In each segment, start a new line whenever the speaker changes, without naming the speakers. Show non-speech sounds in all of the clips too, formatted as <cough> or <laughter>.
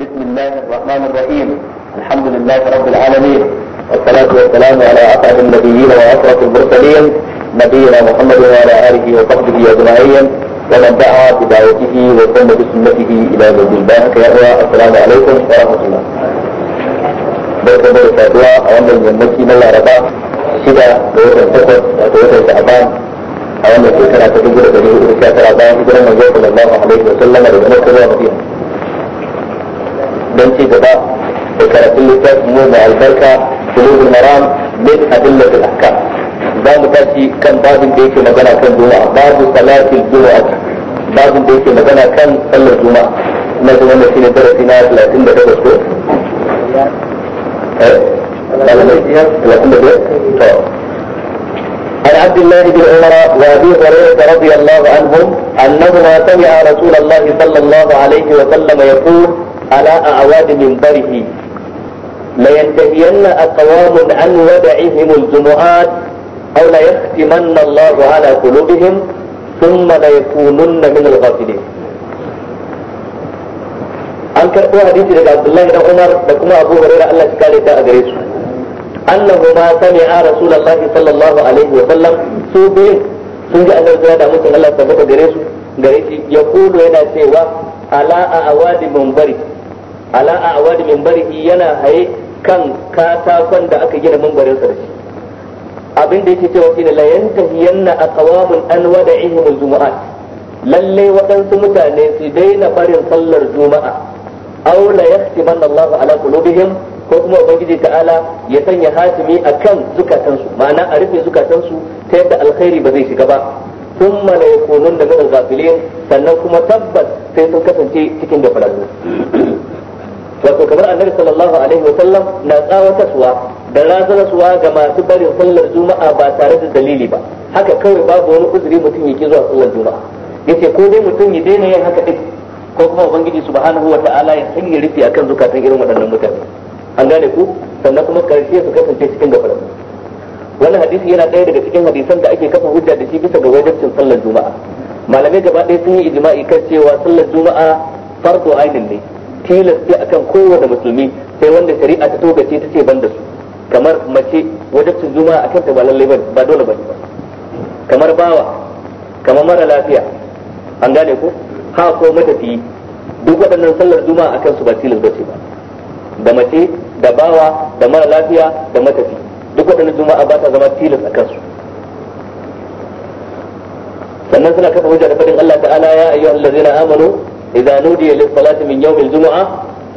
بسم الله الرحمن الرحيم الحمد لله رب العالمين والصلاة والسلام على أسعد النبيين وأشرف المرسلين نبينا محمد وعلى آله وصحبه أجمعين ومن دعا بدعوته وسن بسنته إلى يوم الباهك يا السلام عليكم ورحمة الله barka da saduwa a wannan yammaci من laraba shida ga watan takwas da watan sha'ban a wannan shekara ta dubu da ɗari hudu da sha tara bayan hijirar manzo sallallahu alaihi don ci gaba da karatun littafin mu mai albarka bulugul maram min adillatul ahkam za mu tashi kan babin da yake magana kan juma'a babu salatil juma'a babin da yake magana kan sallar juma'a na ga wanda shine darasi na 38 ko eh 35 to عن عبد الله بن عمر وابي هريره رضي الله عنهم انهما سمع رسول الله صلى الله عليه وسلم يقول على أعواد منبره لينتهين أقوام عن ودعهم الجمعات أو ليختمن الله على قلوبهم ثم ليكونن من الغافلين an karɓo hadisi daga abdullahi da umar da kuma abu hurairah Allah ya kare ta a gare su
annahu ma sami'a rasulullahi sallallahu alaihi wa sallam su biyun sun ji annabi da mutum Allah ta gare su gare shi yaqulu yana cewa ala a awadi munbari ala min bari yana haye kan katakon da aka gina mimbarin sa dashi abin da yake cewa kila la a kawamun an wada al-jumu'at lalle waɗansu mutane su daina barin sallar juma'a aw la yahtimanna Allahu ala qulubihim ko kuma ubangiji ta'ala ya sanya hatimi akan zukatansu ma'ana a rufe zukatansu ta yadda alkhairi ba zai shiga ba ثم لا da من الغافلين sannan kuma tabbas sai sun kasance cikin gafalallu wato kamar annabi sallallahu alaihi wa sallam na tsawatarwa da razanarwa ga masu barin sallar juma'a ba tare da dalili ba haka kawai babu wani uzuri mutum ya ki zuwa sallar juma'a yace ko dai mutum ya daina yin haka din ko kuma ubangiji subhanahu wa ta'ala ya sanya rufi akan zukatan irin waɗannan mutane an gane ku sannan kuma karshe su kasance cikin gafara wani hadisi yana ɗaya daga cikin hadisan da ake kafa hujja da shi bisa ga wajibcin sallar juma'a malamai gaba ɗaya sun yi ijma'i kan cewa sallar juma'a farko ainin ne tilasti kan kowane musulmi sai wanda shari'a ta togace ta ce ban da su kamar mace wajabcin zuma a kanta ba lallai ba dole ba kamar bawa kamar mara lafiya an gane ko ha ko matafiyi duk waɗannan sallar zuma a kansu ba tilas bace ba da mace da bawa da mara lafiya da matafi duk waɗannan juma'a ba ta zama tilas a kansu sannan suna kafa hujja da faɗin Allah ta'ala ya ayyuhallazina amanu idza nudiya lis salati min yawm al jumu'ah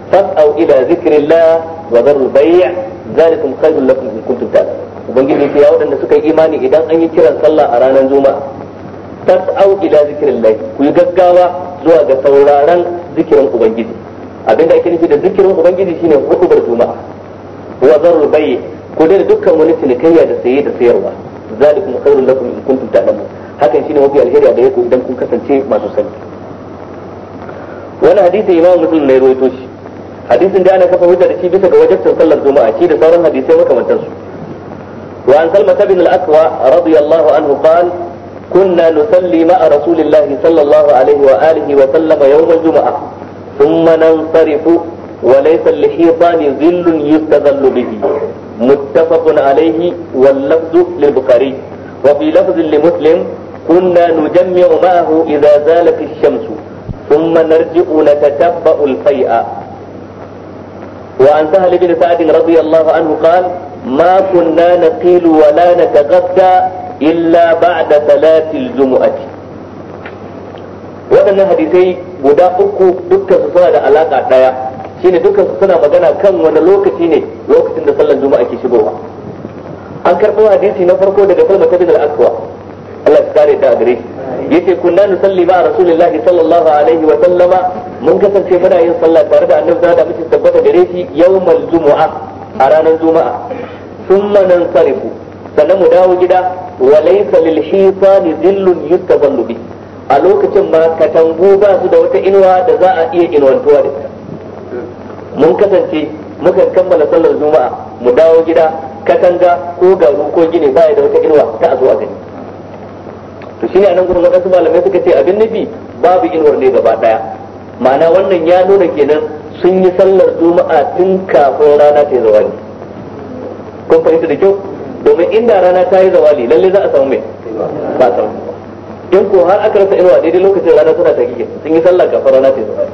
fas'au ila zikrillah wa dharul bay' zalikum khairul lakum in kuntum ta'lamun ubangiji ya waɗanda suka yi imani idan an yi kiran sallah a ranar juma'a fas'au ila zikrillah ku yi gaggawa zuwa ga sauraron zikirin ubangiji abinda ake nufi da zikirin ubangiji shine hudubar juma'a wa zarul bay ku da dukkan wani cinikayya da saye da sayarwa zalikum khairul lakum in kuntum ta'lamun hakan shine mafi alheri da yake idan kun kasance masu sani wani hadisi imamu muslim ne ruwaito shi hadisin da ana kafa hujja da shi bisa ga wajibcin sallar juma'a shi da sauran hadisai makamantansu wa an salma bin al-aqwa radiyallahu anhu qala kunna nusalli ma'a rasulillahi sallallahu alaihi wa alihi wa sallama yawm al-jum'a thumma nansarifu wa laysa li-hitani dhillun yustadhallu bihi muttafaqun alayhi wal lafzu lil-bukhari wa fi lafzin li-muslim kunna nujammi'u ma'ahu idza zalat ash ثم نرجع نتتبع الفيء وعن سهل بن سعد رضي الله عنه قال ما كنا نقيل ولا نتغدى إلا بعد صلاة الجمعة waɗannan hadisai guda uku dukkan suna da alaƙa ɗaya Shin dukkan suna magana kan wani lokaci ne lokacin da sallan juma'a ke shigowa an karɓo hadisi na farko daga salma ta bin al Allah ya gare shi yace kunna nusalli ma rasulullahi sallallahu alaihi wa sallama mun kasance muna yin sallah tare da annabi da muke tabbata gare shi yawmal jumu'a a ranar juma'a thumma nansarifu sannan mu dawo gida wa laysa lil shaytani dhillun yustazallu bi a lokacin ma katangu ba su da wata inuwa da za a iya inuwantuwa da ita mun kasance muka kammala sallar juma'a mu dawo gida katanga ko garu ko gini ba da wata inuwa ta a gani to shine anan gurin wadansu malamai suka ce abin nabi babu inuwar ne gaba daya ma'ana wannan ya nuna kenan sun yi sallar juma'a tun kafin rana ta yi zawali kun fahimta da kyau domin inda rana ta yi zawali lalle za a samu mai ba samu in ko har aka rasa inuwa daidai lokacin rana suna ta gike sun yi sallar kafin rana ta yi zawali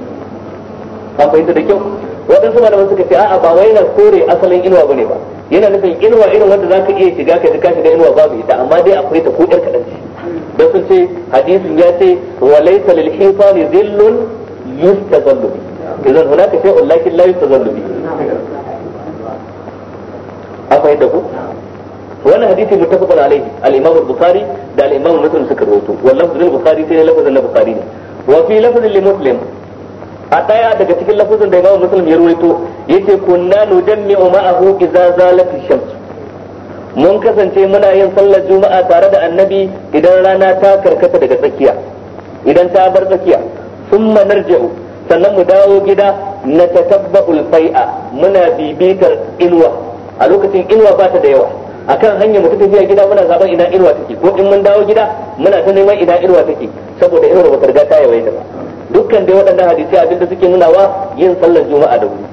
an fahimta da kyau waɗansu malaman suka ce a'a ba wai na kore asalin inuwa bane ba yana nufin inuwa irin wanda zaka iya shiga ka ji ka shiga inuwa babu ita amma dai akwai ta ko ɗan yace hadisin ya ce wa laysa lil hisani dhillun yustazallu bi idan hunaka shay'un lakin la yustazallu bi akwai da ku wannan hadisi muttafaqun alaihi al-imam al-bukhari da al-imam muslim suka rawaito wallahu zul bukhari sai lafazin al-bukhari ne wa fi lafazin li muslim a daya daga cikin lafazin da imam muslim ya rawaito yace kunna nujammi'u ma'ahu idza zalat ash-shams mun kasance muna yin sallar juma'a tare da annabi idan rana ta karkata daga tsakiya idan ta bar tsakiya sun narja'u sannan mu dawo gida na tatabba ulfai'a muna bibitar inuwa a lokacin inuwa ba ta da yawa A kan hanyar mutum tafiya gida muna zaɓar ina inuwa take ko in mun dawo gida muna ta neman ina inuwa take saboda inuwa ba ta riga ta yawaita ba dukkan dai waɗannan hadisi abinda suke nunawa yin sallar juma'a da wuri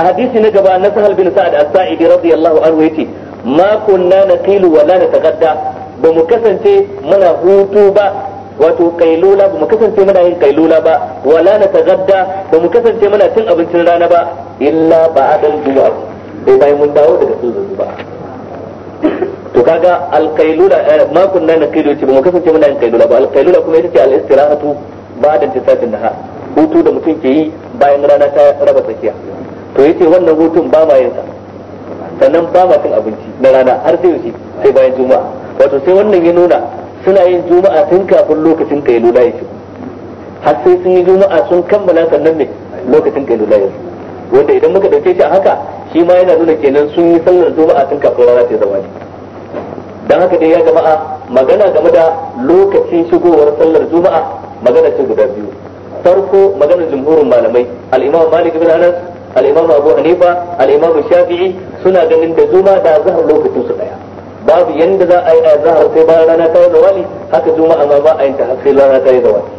a hadisi na gaba na sahal bin sa'ad as-sa'idi radiyallahu anhu yace ma kunna naqilu wa la nataqadda ba mu kasance muna hutu ba wato kailula ba mu kasance muna yin kailula ba wala na tagadda ba mu kasance muna cin abincin rana ba illa ba adal duwa sai bayan mun dawo daga sulhu ba to kaga al kailula eh, ma kunna na kailu ce ba kasance muna yin kailula ba al kailula kuma ita ce al istirahatu ba'da tisabin nahar hutu da mutum ke yi bayan rana ta raba tsakiya to yace wannan hutun ba ma yin sa sannan ba ma cin abinci na rana har sai yaushe sai bayan juma'a wato sai wannan ya nuna suna yin juma'a tun kafin lokacin kai ya yake har sai sun yi juma'a sun kammala sannan ne lokacin kai ya yake wanda idan muka dauke shi a haka shi ma yana nuna kenan sun yi sallar juma'a tun kafin rana ta zama dan haka dai ya jama'a magana game da lokacin shigowar sallar juma'a magana ce guda biyu farko maganar jumhurin malamai al-imam malik ibn anas al-imam abu hanifa al-imam shafi'i suna ganin da zuma da zahar lokacin su daya babu yanda za a yi a zahar sai bayan rana ta yi zawali haka juma'a amma ba a yin ta sai rana ta yi zawali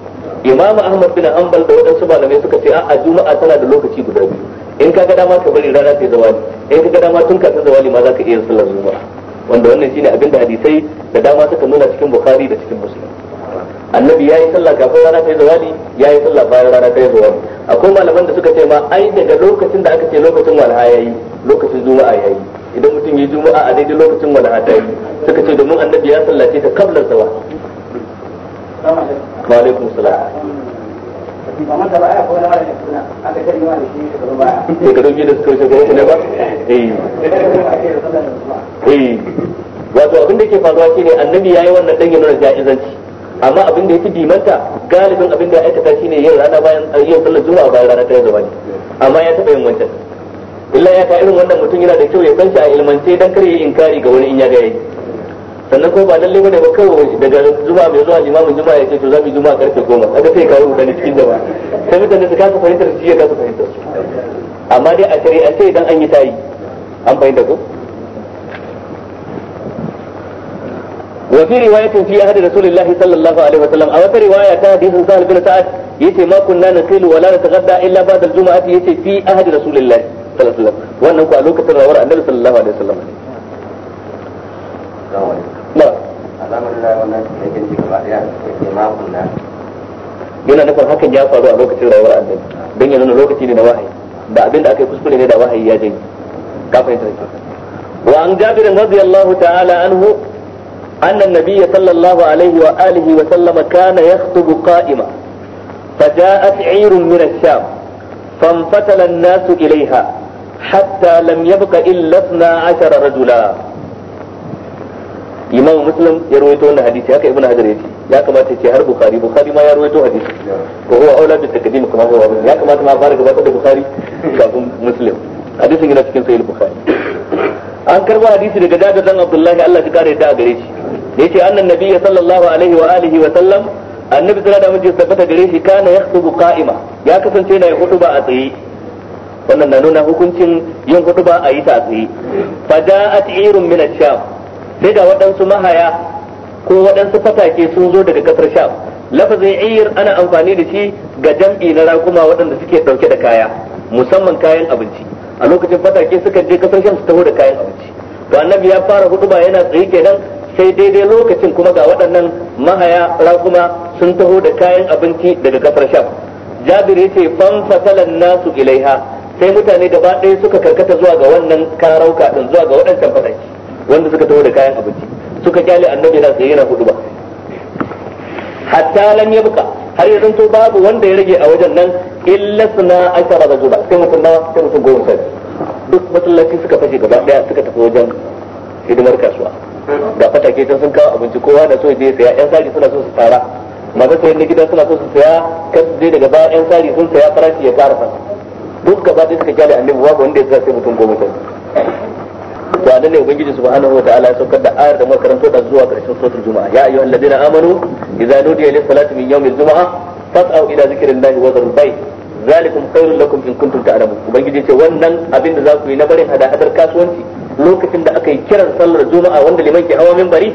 imam ahmad bin hanbal da waɗansu malamai suka ce a'a juma'a tana da lokaci guda biyu in ka ga dama ka bari rana ta yi zawali in ka ga dama tun kafin zawali ma za ka iya sallar juma'a wanda wannan shine abin da hadisai da dama suka nuna cikin bukhari da cikin muslim annabi ya yi sallah kafin rana ta yi zawali yi sallah bayan rana ta yi zawali akwai malaman da suka ce ma ai daga lokacin da aka ce lokacin walha yi lokacin juma'a ya yi idan mutum yi juma'a a daidai lokacin walha ta yi suka ce domin annabi ya sallace ta kablar zawa
wa
alaikum salam shekaru biyu da ne ba eh. Eh. wato abin da ke faruwa shine annabi yayi wannan dangin ya nuna ja'izanci amma abin da ya fi dimanta galibin abin da ya aikata shine yin rana bayan eh, yin sallar juma'a bayan rana ta zuwa ne amma ya taɓa yin wancan illa ya ka irin wannan mutum yana da kyau ya san a ilmance dan kare inkari ga wani in ya ga yayi sannan kuma ba lalle bane ba kawai daga juma'a mai zuwa limamin juma'a ya ce to mu juma'a karfe 10 kaga sai ka rubuta ne cikin jama'a sai mutane su kasa fahimtar shi ya kasa fahimtar amma dai a shari'ance idan an yi tayi an fahimta ko wa fi riwayatin fi ahadi rasulillah sallallahu alaihi wasallam a wata riwaya ta hadisin sahal bin sa'ad yace ma kunna naqilu wala nataghadda illa ba'da al-jum'ati yace fi ahadi rasulillah sallallahu alaihi wasallam wannan ku a lokacin rawar annabi sallallahu alaihi wasallam yana nufin hakan ya faru a lokacin rayuwar annabi don ya nuna lokaci ne na wahayi ba abin da aka yi kuskure ne da wahayi ya janye ka fahimta wa an jabir radiyallahu ta'ala anhu أن النبي صلى الله عليه وآله وسلم كان يخطب قائما فجاءت عير من الشام فانفتل الناس إليها حتى لم يبق إلا اثنا عشر رجلا إمام مسلم يرويته أن حديث هكا ابن حجر يجي يا كما تيجي هر بخاري بخاري ما يرويته حديث وهو أولى بالتقديم كما هو أبن يا كما تما فارق بقى بخاري كابون مسلم حديث هنا في كنسي البخاري أنكر حديث لقدادة عبد الله الله تكاري دا غريشي yace annan Nabiyyu sallallahu alaihi wa alihi wa sallam annabi sallallahu alaihi wa tabbata gare shi kana yakhutubu qa'ima ya kasance na hutuba a tsaye wannan na nuna hukuncin yin hutuba a yi ta tsaye fa ja'at irun min ash-sham sai ga waɗansu mahaya ko waɗansu fatake sun zo daga kasar sham lafazin iyir ana amfani da shi ga jam'i na rakuma waɗanda suke ɗauke da kaya musamman kayan abinci a lokacin fatake suka je kasar sham su taho da kayan abinci to annabi ya fara hutuba yana tsaye kenan sai daidai lokacin kuma ga waɗannan mahaya raguma sun taho da kayan abinci daga kafar sham jabir ya ce fanfasalan nasu ilaiha sai mutane gaba ɗaya suka karkata zuwa ga wannan karauka din zuwa ga waɗancan fataki wanda suka taho da kayan abinci suka kyale annabi na sai yana hudu ba hatta lam yabqa har yanzu to babu wanda ya rage a wajen nan illa suna da rajula sai mutum ba sai mutum goma sai duk masallaci suka fashe gaba ɗaya suka tafi wajen hidimar kasuwa da fatake can sun kawo abinci kowa na so ya saya yan sari suna so su tara masu sayan na gida suna so su saya kan su je daga baya yan sari sun saya farashi ya fara fasa duk gaba da suka kyale annabi babu wanda ya sa sai mutum goma sai to anan ne ubangiji subhanahu wa ta'ala ya saukar da ayar da muka karanto da zuwa karshen suratul juma'a ya ayyuhal ladina amanu idza nudiya lis salati min yawmil juma'a fas'au ila zikrillahi wa dharul bayt zalikum khairul lakum in kuntum ta'lamun ubangiji ce wannan abin da za ku yi na barin hada hadar kasuwanci lokacin da aka yi kiran sallar juma'a wanda liman ke hawa minbari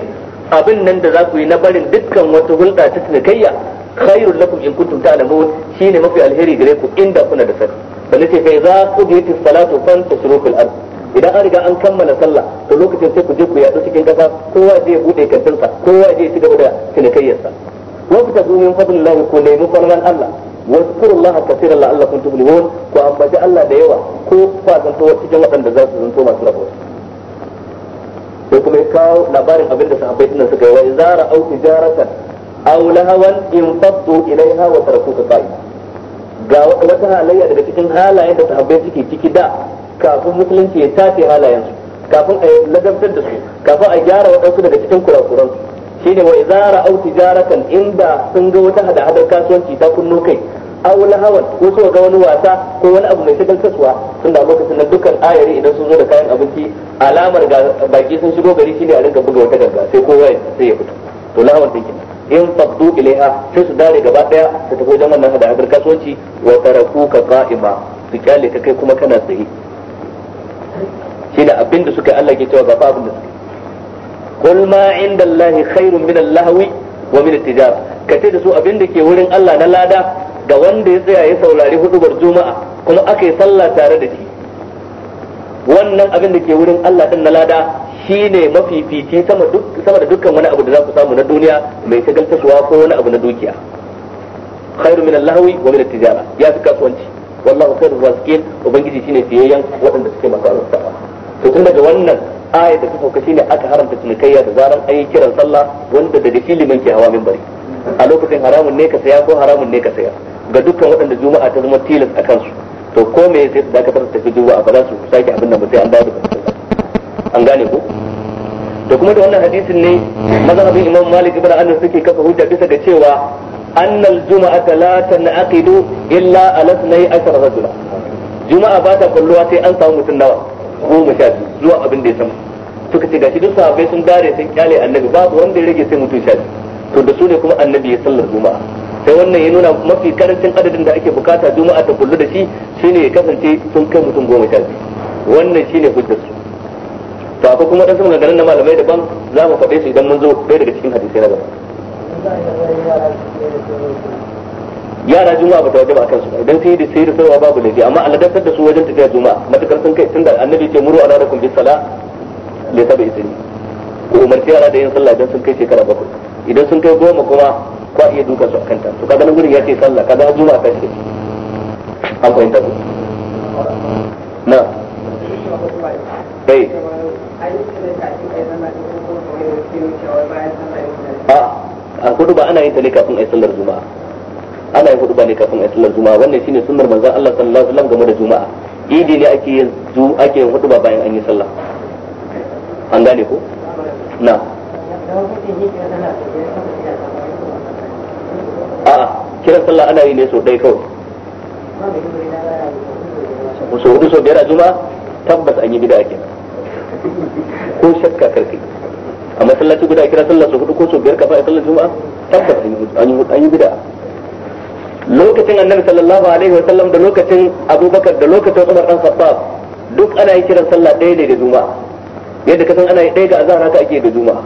abin nan da za ku yi na barin dukkan wata hulɗa ta cinikayya khairul lakum in kuntum ta'lamun shine mafi alheri gare ku inda kuna da sani balle sai za ku je as-salatu fantashiru fil ard idan an riga an kammala sallah to lokacin sai ku je ku yaɗu cikin kasa kowa zai bude kantinsa kowa zai ci gaba da cinikayyarsa wa ku tabu min fadlillahi ku nemi falman Allah wa zkurullaha kaseeran la'allakum tuflihun ku ambaci Allah da yawa ko ku zanto cikin waɗanda za su zanto masu rabo ko kuma ya kawo labarin abin da sahabbai dinnan suka yi wa izara au tijaratan aw lahawan in faddu ilaiha wa tarakuka qa'i ga wata halayya daga cikin halayen da sahabbai suke ciki da kafin musulunci ya tace halayen su kafin a ladabtar da su kafin a gyara waɗansu daga cikin kurakuran su shine wa izara au tijaratan inda sun ga wata hada-hadar kasuwanci ta kunno kai aw lahawan ko suka ga wani wasa ko wani abu mai shagaltarwa tunda lokacin nan dukkan ayari idan sun zo da kayan abinci alamar ga baki sun shigo gari shine a rinka buga wata ganga sai kowa sai ya fito to lahawan take in faddu ilaiha sai su dare gaba daya su tafi wajen wannan hada-hadar kasuwanci wa ka qa'ima su kyale ka kai kuma kana tsaye shine abin da suka Allah ke cewa ba fa abin da suka kul ma inda Allah khairun min al-lahwi wa min at-tijara kace da su abin da ke wurin Allah na lada ga wanda ya tsaya ya saurari hudubar juma'a kuma aka yi sallah tare da shi wannan abin da ke wurin Allah din na lada shine mafifici sama duk sama da dukkan wani abu da za ku samu na duniya mai shagaltaswa ko wani abu na dukiya khairu min al-lahwi wa min at-tijara ya fi kasuwanci wallahu khairu rasikin ubangiji shine fiyayyan waɗanda suke masu arziki to tun daga wannan ayat da ta sauka shine aka haramta cinikayya da zaran an yi kiran sallah wanda da dalilin ke hawa minbari a lokacin haramun ne ka saya ko haramun ne ka saya ga dukkan waɗanda juma'a ta zama tilas a kansu to ko me sai su dakatar da tafi juma'a ba za su sake abin da ba sai an dawo da an gane ko da kuma da wannan hadisin ne mazhabin imam malik ibn anas suke kafa hujja bisa ga cewa annal juma'a la tanaqidu illa ala 12 rajula juma'a ba ta kulluwa sai an samu mutun nawa goma sha biyu zuwa abin da ya samu to kace gashi duk sahabbai sun dare sun kyale annabi babu wanda ya rage sai mutun sha biyu to da su ne kuma annabi ya sallar juma'a sai wannan ya nuna mafi karancin adadin da ake bukata juma'a ta kullu da shi shine ya kasance sun kai mutum goma sha biyu wannan shine hujjar su to akwai kuma dan sama ganin na malamai daban za mu faɗe su idan mun zo bai daga cikin hadisai na gaba yara juma'a ba ta wajaba akan su idan sai da sai da sarwa babu laifi amma aladantar da su wajen tafiya juma'a matakar sun kai tunda annabi ce muru ala rakum bis sala li sab'i sinin ko umarci yara da yin sallah idan sun kai shekara bakwai idan sun kai goma kuma ba iya duka su akan ta to kaga nan gurin ya ce sallah kaga an juma'a ta ce
an fahimta ku na kai
a hudu ba ana yin ta ne kafin yi. sallar juma'a ana yin hudu ba ne kafin yi sallar juma'a wannan shine sunnar manzon Allah sallallahu alaihi wasallam game da juma'a idi ne ake yin zu ake yin hudu ba bayan an yi sallah an gane ko na a'a kiran sallah ana yi ne sau ɗaya kawai sau hudu sau biyar a juma tabbas an yi bida ake ko shakka karfi a masallaci guda kira sallah sau hudu ko sau biyar kafa a sallar juma, tabbas an yi bida lokacin annabi sallallahu alaihi wa sallam da lokacin abubakar da lokacin umar dan khattab duk ana yi kiran sallah ɗaya ne da juma'a yadda kasan ana yi ɗaya ga azhar haka ake da juma'a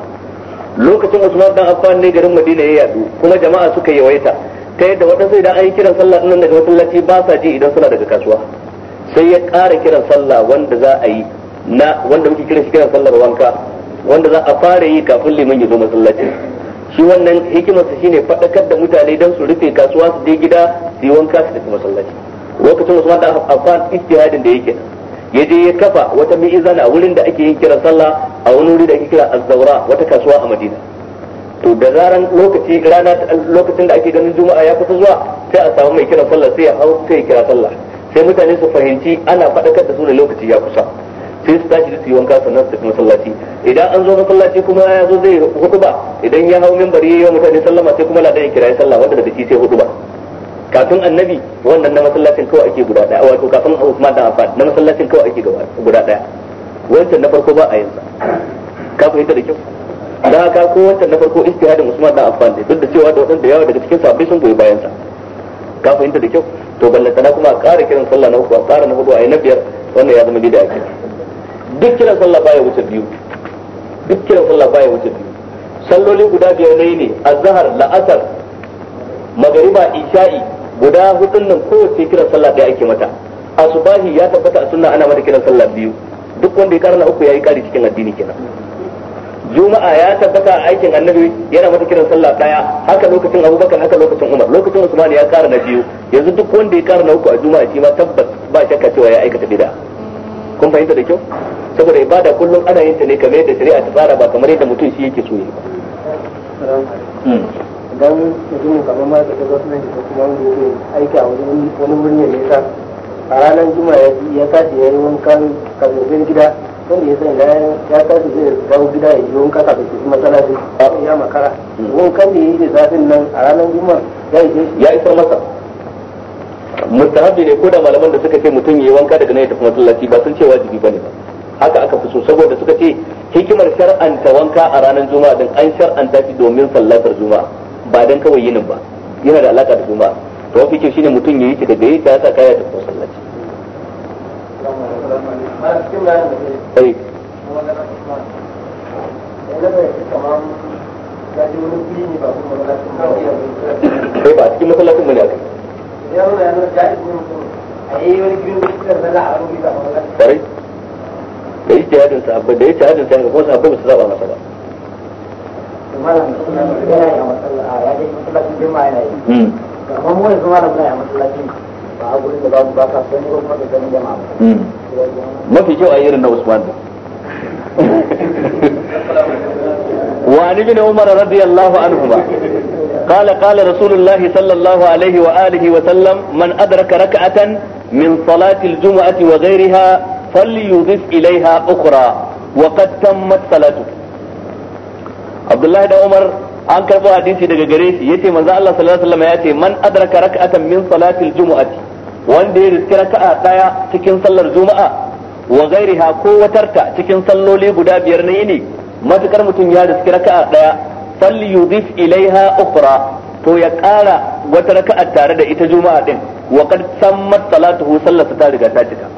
lokacin Usman dan Affan ne garin Madina ya yadu kuma jama'a suka yawaita ta yadda waɗansu idan an yi kiran sallah nan daga masallaci ba sa ji idan suna daga kasuwa sai ya ƙara kiran sallah wanda za a yi na wanda muke kiran shi kiran sallar wanka wanda za a fara yi kafin liman ya zo masallaci shi wannan hikimarsa shine faɗakar da mutane dan su rufe kasuwa su je gida su yi wanka su tafi masallaci lokacin Usman dan Affan ittihadin da yake nan ya je ya kafa wata mi'izan a wurin da ake yin kira sallah a wani wuri da ake kira azzaura wata kasuwa a madina to da zaran lokaci rana lokacin da ake ganin juma'a ya kusa zuwa sai a samu mai kira sallah sai ya hau sai ya kira sallah sai mutane su fahimci ana faɗakar da su da lokaci ya kusa sai su tashi su yi wanka sannan su tafi masallaci idan an zo masallaci kuma ya zo zai hutuba idan ya hau minbari ya yi mutane sallama sai kuma ladan ya kira sallah wanda daga shi sai hutuba kafin annabi wannan na masallacin kawai ake guda daya wato kafin kuma da Affan na masallacin kawai ake guda daya wancan na farko ba a yin sa ka fahimta da kyau da haka ko wancan na farko istihadin Usman da Affan ne duk da cewa da wadanda yawa daga cikin sahabbai sun goyi bayan sa ka fahimta da kyau to na kuma a ƙara kiran sallah na uku a ƙara na hudu a yi na biyar wannan ya zama bida ake duk kiran sallah baya wuce biyu duk kiran sallah baya wuce biyu salloli guda biyar ne ne azhar la'asar magariba isha'i guda hudun nan kowace kiran sallah ɗaya ake mata asubahi ya tabbata a sunna ana mata kiran sallah biyu duk wanda ya karna uku yayi kari cikin addini kenan juma'a ya tabbata a aikin annabi yana mata kiran sallah daya haka lokacin abubakar haka lokacin umar lokacin usman ya kara biyu yanzu duk wanda ya kara uku a juma'a shi ma tabbas ba shakka cewa ya aikata bid'a kun fahimta da kyau saboda ibada kullum ana yin ta ne kamar yadda shari'a ta tsara ba kamar yadda mutum shi yake so yi
ba hmm. dan mutumin kamar ma ka zo sunan shi kuma wanda yake aiki a wani wani wurin ne nesa a ranar juma'a ya tashi ya yi wankan kafin gida
wanda ya sani ya tashi zai dawo gida ya yi wanka kafin su masallaci ya makara hmm. wankan da ya yi da zafin nan a ranar juma'a ya yi ya isar masa mustahabi ne ko da malaman da suka ce mutum ya yi wanka daga nan ya tafi masallaci ba sun ce wajibi ne ba haka aka fi so saboda suka ce hikimar shar'anta wanka a ranar juma'a din an shar'anta shi domin sallatar juma'a ba dan kawai yinin ba yana da alaka da juma'a to wafi kyau shine mutum yayi ta daga yi ta sa kaya ta masallaci
eh. ai
ba a cikin masallacin mu
da yi jihadin sahabbai da yi jihadin kuma sahabbai ba su zaba masa ba mafi kyau a irin na Usman وعن ابن عمر رضي الله عنهما قال قال رسول الله صلى الله عليه وآله وسلم من أدرك ركعة من صلاة الجمعة وغيرها فليضف إليها أخرى وقد تمت صلاته abdullahi da umar an karbo hadisi daga gare shi yace manzo Allah sallallahu alaihi wasallam ya ce man adraka rak'atan min salatil jumu'ati wanda ya riski raka'a daya cikin sallar juma'a wa ghairiha ko watarta cikin salloli guda biyar ne ne matukar mutum ya riski raka'a daya falli yudif ilaiha ukhra to ya kara wata raka'a tare da ita juma'a din wa qad sammat salatuhu sallata ta riga ta cika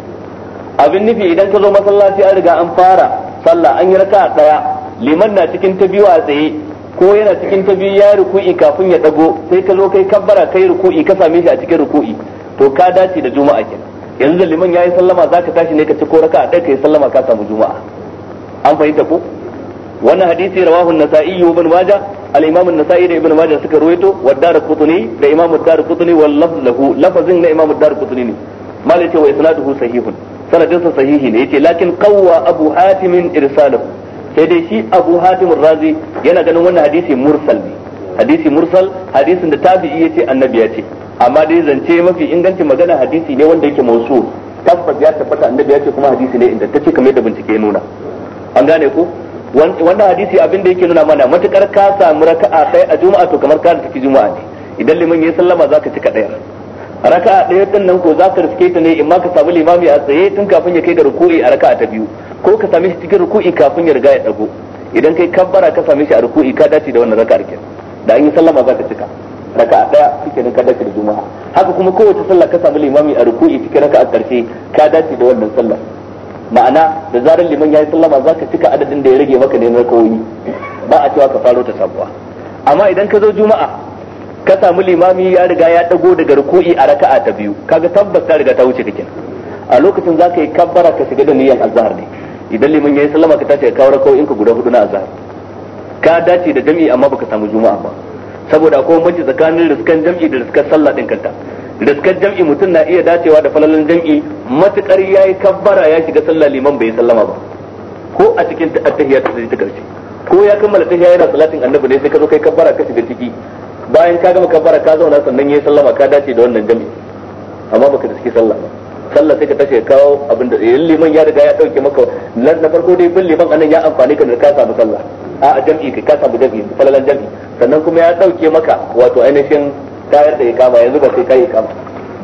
abin nufi idan ka zo masallaci an riga an fara sallah an yi raka'a daya liman na cikin ta biyu a tsaye ko yana cikin ta biyu ya ruku'i kafin ya dago sai ka zo kai kabbara kai ruku'i ka same shi a cikin ruku'i to ka dace da juma'a kenan yanzu da liman ya yi sallama zaka tashi ne ka ci ko raka a ɗaya kai sallama ka samu juma'a an fahimta ko wannan hadisi rawahu an-nasa'i ibn majah al-imam an-nasa'i da ibn majah suka ruwaito wa dar-qutni da imam ad qutni wal lafz lahu lafazin na imam ad qutni ne malai ce wa isnaduhu sahihun sanadinsa sahihi ne yace lakin qawwa abu hatim irsaluhu sai dai shi abu hatim razi yana ganin wannan hadisi mursal ne hadisi mursal hadisin da tabi'i yace annabi ya ce amma dai zance mafi ingancin magana hadisi ne wanda yake mausu tabbas ya tabbata annabi ya ce kuma hadisi ne inda tace kamar yadda bincike ya nuna an gane ko wannan hadisi abin da yake nuna mana matukar ka samu raka'a sai a juma'a to kamar ka da take juma'a ne idan liman ya sallama zaka cika daya raka'a ɗaya din nan ko za ka riske ta ne in ma ka samu limami a tsaye tun kafin ya kai ga ruku'i a raka'a ta biyu ko ka same shi cikin ruku'i kafin ya riga ya dago idan kai kabbara ka same shi a ruku'i ka dace da wannan raka'ar kenan da an yi sallama za ka cika raka'a cike cikin ka dace da juma'a haka kuma kowace sallah ka samu limami a ruku'i cikin raka'a ƙarshe ka dace da wannan sallah ma'ana da zarar liman ya yi sallama za ka cika adadin da ya rage maka ne na rakawoyi ba a cewa ka faro ta sabuwa amma idan ka zo juma'a ka samu limami ya riga ya dago daga ruku'i a raka'a ta biyu kaga tabbas ta riga ta wuce kake a lokacin zaka yi kabbara ka shiga da niyyar azhar ne idan liman yayi sallama ka tashi ka kawo in ka guda hudu na azhar ka dace da jami'i amma baka samu juma'a ba saboda akwai mace tsakanin riskan jam'i da riskan sallah din kanta riskan jam'i mutum na iya dacewa da falalan jam'i matukar yayi kabbara ya shiga sallah liman bai sallama ba ko a cikin attahiyatu ta karshe ko ya kammala tahiya yana salatin annabi ne sai ka zo kai kabbara ka shiga ciki bayan ka gama kabbara ka zauna sannan yayi sallama ka dace da wannan gami amma baka da suke sallah sallah sai ka tashi ka kawo abin da yayin eh, liman ya riga ya dauke maka nan na farko dai bin liman anan ya amfani ka da ka samu sallah a jami'i kai ka samu jami'i falalan jami'i sannan kuma ya dauke maka wato ainihin tayar da ikama yanzu ba sai kai ikama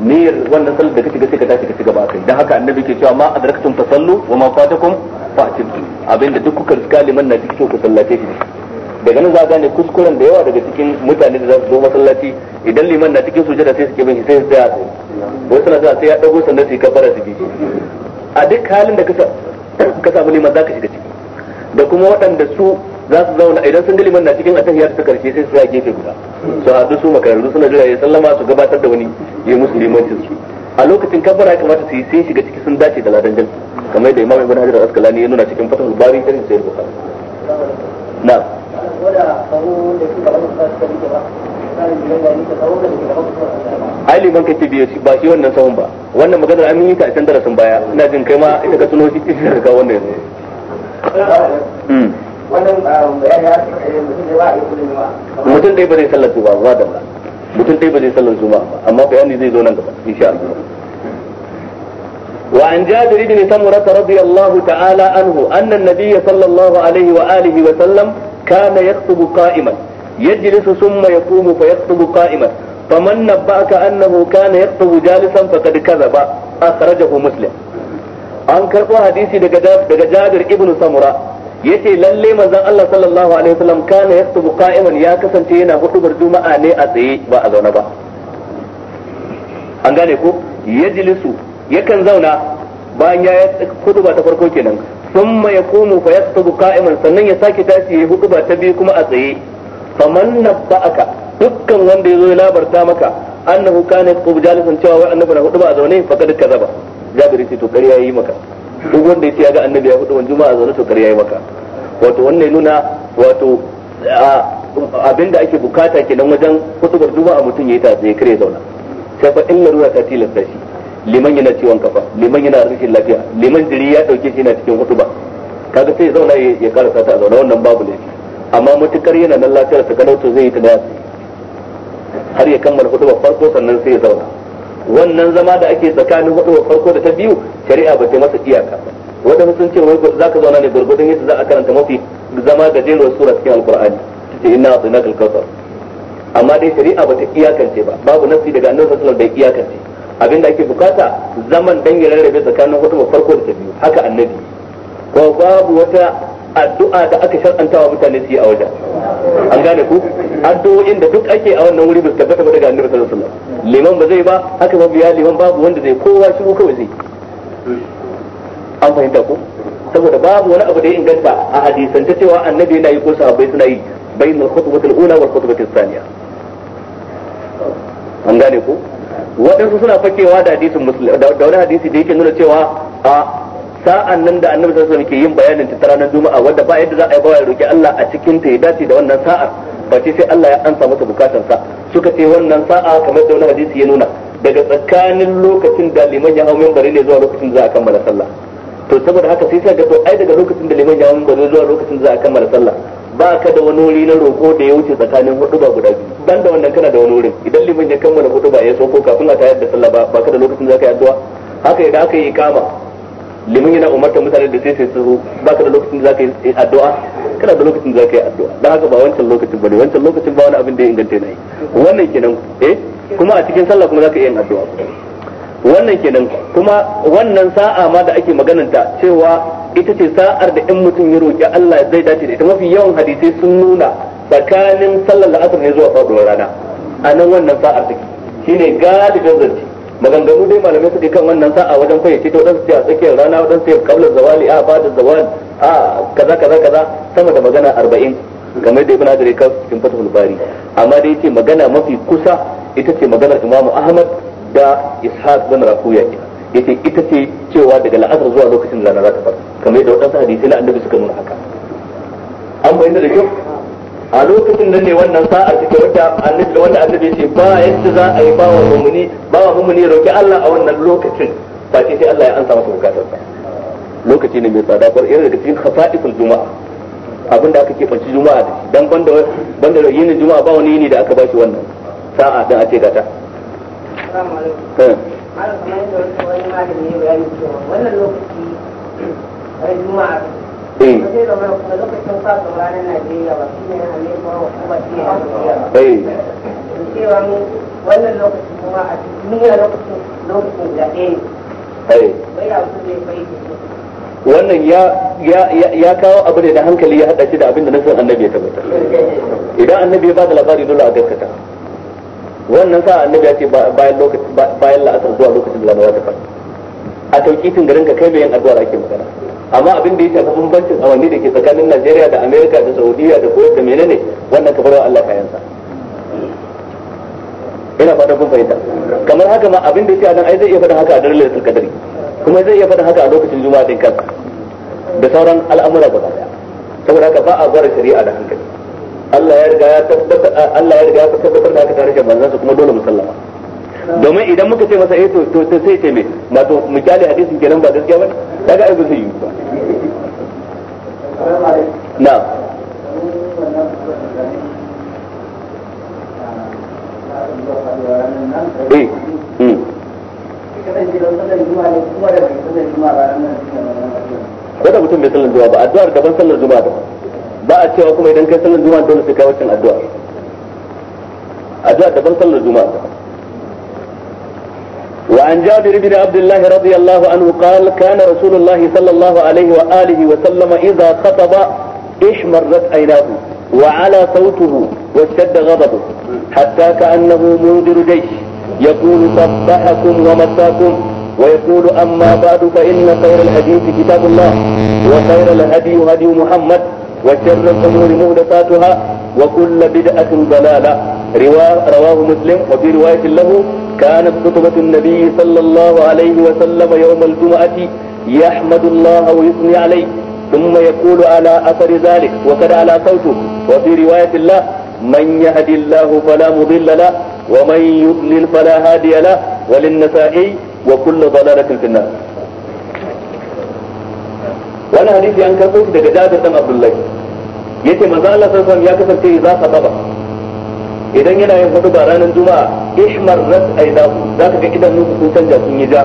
niyyar wannan sallar da ga sai ka tashi ka ci gaba kai dan haka annabi ke cewa ma adrakatum fasallu wa ma fatakum fa'tim abinda duk kuka riska liman na cikin ku sallace shi daga nan za ka gane kuskuren da yawa daga cikin mutane da za su zo masallaci idan liman na cikin sujada sai su ke bin sai su tsaya su wasu na sai ya dago sannan su yi kafara su bi a duk halin da ka samu liman za ka shiga ciki da kuma waɗanda su za su zauna idan sun ga liman na cikin atahiya ta karshe sai su ya gefe guda su haɗu su makararru suna jira ya sallama su gabatar da wani ya musu limancin su a lokacin kafara ya kamata su yi sai shiga ciki sun dace da ladan jami'i kamar da imam ibn hajar al-asqalani ya nuna cikin fatan bari irin sai bukhari na'am ai liman ka ba shi wannan sahun ba wannan maganar an yi ta a can darasin baya ina jin kai ma ita ka tuno shi ita ka wannan yanzu
hmm. mutum ɗaya
ba zai sallar ba ba da ba mutum ɗaya ba zai sallar juma'a ba amma bayani zai zo nan gaba insha Allah وعن جابر بن سمرة رضي الله تعالى عنه أن النبي صلى الله عليه وآله وسلم كان يخطب قائما يجلس ثم يقوم fa قائما فمن نبأك أنه كان يخطب جالسا فقد كذب أخرجه مسلم muslim an karbo hadisi daga ابن Jabir ibn Samura yace lalle manzon Allah sallallahu alaihi wasallam kana yaktubu qa'iman ya kasance yana hudubar juma'a ne a tsaye ba a zauna ba an gane ko yajlisu yakan zauna bayan ya kutuba ta farko kenan ya yaqumu fa yaktubu qa'iman sannan ya sake tashi yayi ba ta biyu kuma a tsaye faman nabba'aka dukkan wanda yazo ya labarta maka annahu kana yaqumu jalisan cewa wai annabi na ba a zaune kada ka zaba jabiri ce to kariya yi maka duk wanda yace ya ga annabi ya hutuba juma'a zaune to kariya yi maka wato wannan nuna wato abinda ake bukata kenan wajen kutubar juma'a mutum yayi ta tsaye kare zauna sai fa illa ruwa ta tilasta shi liman yana ciwon kafa liman yana rashin lafiya liman jiri ya dauke shi yana cikin hudu ba kaga sai zauna ya karasa ta zauna wannan babu laifi amma matukar yana nan lafiyar ta galauto zai yi ta yasi har ya kammala hudu farko sannan sai ya zauna wannan zama da ake tsakanin hudu farko da ta biyu shari'a ba ta masa iyaka
wanda sun ce wai
za ka zauna ne gurgudun yadda za a karanta mafi zama da jeruwar sura cikin alkur'ani ce ina a tsinakal kawsar amma dai shari'a ba ta iyakance ba babu nasi daga annabi sallallahu alaihi wasallam bai iyakance abin da ake bukata zaman dan ya rabe tsakanin hudu farko da ta biyu haka annabi ko babu wata addu'a da aka shar'antawa mutane su yi a waje an gane ku addu'o'in da duk ake a wannan wuri ba su tabbata ba daga annabi sallallahu alaihi wasallam liman ba zai ba haka ba biya liman babu wanda zai kowa ko kawai zai an fahimta ku saboda babu wani abu da ya inganta a ta cewa annabi yana yi ko sahabbai suna yi bainal khutbatul ula wal khutbatul thaniya an gane ku waɗansu suna fakewa da hadisin da wani hadisi da yake nuna cewa a sa'an nan da annabi sallallahu alaihi ke yin bayanin ta ranar juma'a wanda ba yadda za a yi bawa roki Allah a cikin ta ya dace da wannan sa'ar ba ce sai Allah ya ansa masa bukatansa suka ce wannan sa'a kamar da wani hadisi ya nuna daga tsakanin lokacin da liman ya hau minbari ne zuwa lokacin da za a kammala sallah to saboda haka sai sai ga to ai daga lokacin da liman ya hau minbari zuwa lokacin da za a kammala sallah ba ka da wani wuri na roko da ya wuce tsakanin hudu ba guda biyu dan da wannan kana da wani wuri idan liman ya kammala hudu ba ya tsoko kafin a tayar da sallah ba ba ka da lokacin zaka yi addu'a haka idan aka yi kama liman yana umarta mutane da sai sai su ba ka da lokacin zaka yi addu'a kana da lokacin zaka yi addu'a dan haka ba wancan lokacin bane wancan lokacin ba wani abin da ya inganta ne wannan kenan eh kuma a cikin sallah kuma zaka yi addu'a wannan kenan kuma wannan sa'a ma da ake magananta cewa ita ce sa'ar da in mutum ya roƙi Allah zai dace da ita mafi yawan hadisai sun nuna tsakanin sallar la'asar ne zuwa faɗuwar rana a nan wannan sa'ar take shine galibin zance maganganu dai malamai suke kan wannan sa'a wajen fayyace ta wadansu a tsakiyar rana wadansu ya kabla zawali a ba da a kaza kaza kaza sama da magana arba'in game da ibn adari kan cikin fatahul bari amma dai ce magana mafi kusa ita ce maganar imamu ahmad da ishaq bin rakuya ce ita ce cewa daga la'asar zuwa lokacin da rana za ta fara kamar yadda wasu hadisi na annabi suka nuna haka an bayyana da kyau a lokacin da ne wannan sa'a take wata annabi wanda annabi ce ba yadda za a yi ba wa mumuni ba wa mumuni roki Allah a wannan lokacin ba sai Allah ya ansa masa bukatar bukatarsa lokaci ne mai tsada kwar irin daga cikin khafa'iful juma'a abin da aka ke fanci juma'a da dan banda banda yin juma'a ba wani yini da aka bashi wannan sa'a dan a ce gata
assalamu alaikum eh. malam kamar yadda wani malami ya bayani cewa wannan lokaci wannan kuma a duniya lokacin da bai wannan
ya kawo abu da hankali ya haɗa shi da abin da nasan annabi ya tabbatar idan annabi ya ba da labari dole a gaskata wannan sa annabi ya ce bayan la'asar zuwa lokacin da rana ta fara a tauƙifin garin ka kai bayan yin addu'a ake magana amma abin da ya shafi bambancin awanni da ke tsakanin Najeriya da Amerika da Saudiya da Kuwait da menene wannan kafar wa Allah sa. ina fata kun fahimta kamar haka ma abin da yake nan ai zai iya faɗin haka a daren Lailatul Qadr kuma zai iya faɗin haka a lokacin Juma'a din kansa da sauran al'amura gaba daya saboda haka ba a bar shari'a da hankali Allah ya riga ya tabbatar Allah ya riga ya tabbatar da haka tare da manzansa kuma dole mu sallama domin idan muka ce masa eh to to sai ce me wato mu kyale hadisin kenan ba gaskiya bane daga ibu zai yi ba
na eh hmm.
ko da mutum bai sallar zuwa ba addu'ar daban sallar zuwa ba ba a cewa kuma idan kai sallar zuwa dole sai kai wacin addu'ar addu'ar daban sallar zuwa ba عن جابر بن عبد الله رضي الله عنه قال كان رسول الله صلى الله عليه وآله وسلم إذا خطب اشمرت عيناه وعلى صوته واشتد غضبه حتى كأنه منذر جيش يقول صبحكم ومساكم ويقول أما بعد فإن خير الحديث كتاب الله وخير الهدي هدي محمد وشر الأمور مهدساتها وكل بدعة ضلالة رواه مسلم وفي رواية له كانت خطبة النبي صلى الله عليه وسلم يوم الجمعة يحمد الله ويثني عليه ثم يقول على أثر ذلك وقد على صوته وفي رواية الله من يهدي الله فلا مضل له ومن يضلل فلا هادي له وللنسائي وكل ضلالة في النار وانا حديثي يعني عن كربوك دقا جابر عبد الله يتي مزال الله صلى الله عليه وسلم يا في إذا خطبه idan yana yin hudu ba ranar juma'a ihmar ras za ka ga idan nuku sun canja sun yi ja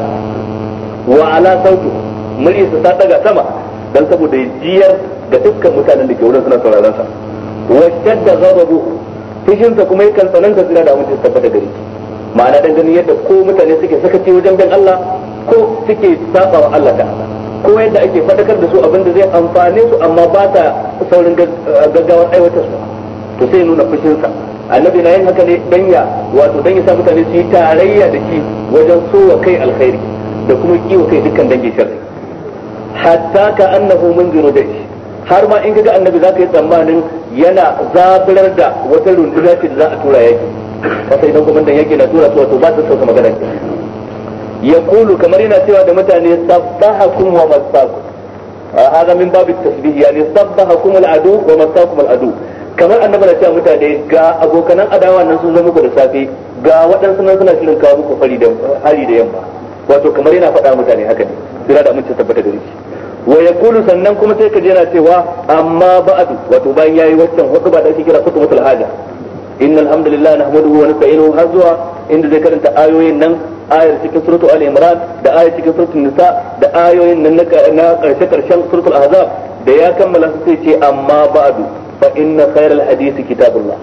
wa ala sautu su ta daga sama dan saboda jiyar da dukkan mutanen da ke wurin suna sauraron sa wa shadda ghadabu fushinsa kuma yakan tsananta suna da mutum tabbata gari ma'ana dan ganin yadda ko mutane suke sakaci wajen bin Allah ko suke saba wa Allah ta. ko yadda ake fadakar da su abinda zai amfane su amma ba ta saurin gaggawar aiwatar su to sai nuna fushinsa annabi na yin haka ne dan ya wato dan ya sa mutane su yi tarayya da shi wajen sowa kai alkhairi da kuma kiwo kai dukkan dangin sharri hatta ka annahu munziru da shi har ma in kaga annabi zaka yi tsammanin yana zabirar da wata runduna ce da za a tura yaki kasa idan kuma dan yaki na tura su wato ba su sauka magana ke ya kulu kamar yana cewa da mutane sabbahakum wa min masakum هذا من باب التشبيه adu wa العدو ومساكم adu. kamar annabi na cewa mutane ga abokanan adawa nan sun zama ba da safe ga waɗansu nan suna shirin kawo muku fari da hari da yamma wato kamar yana faɗa mutane haka ne jira da amincin tabbata gare shi wa yaqulu sannan kuma sai ka je yana cewa amma ba'du wato bayan yayi waccan hudu ba da ake kira khutbatul haja innal hamdalillah nahmaduhu wa nasta'inuhu har zuwa inda zai karanta ayoyin nan ayar cikin suratul ali imran da ayar cikin suratul nisa da ayoyin nan na karshe karshen suratul ahzab da ya kammala sai ce amma ba'du fa inna khairal hadisi kitabullah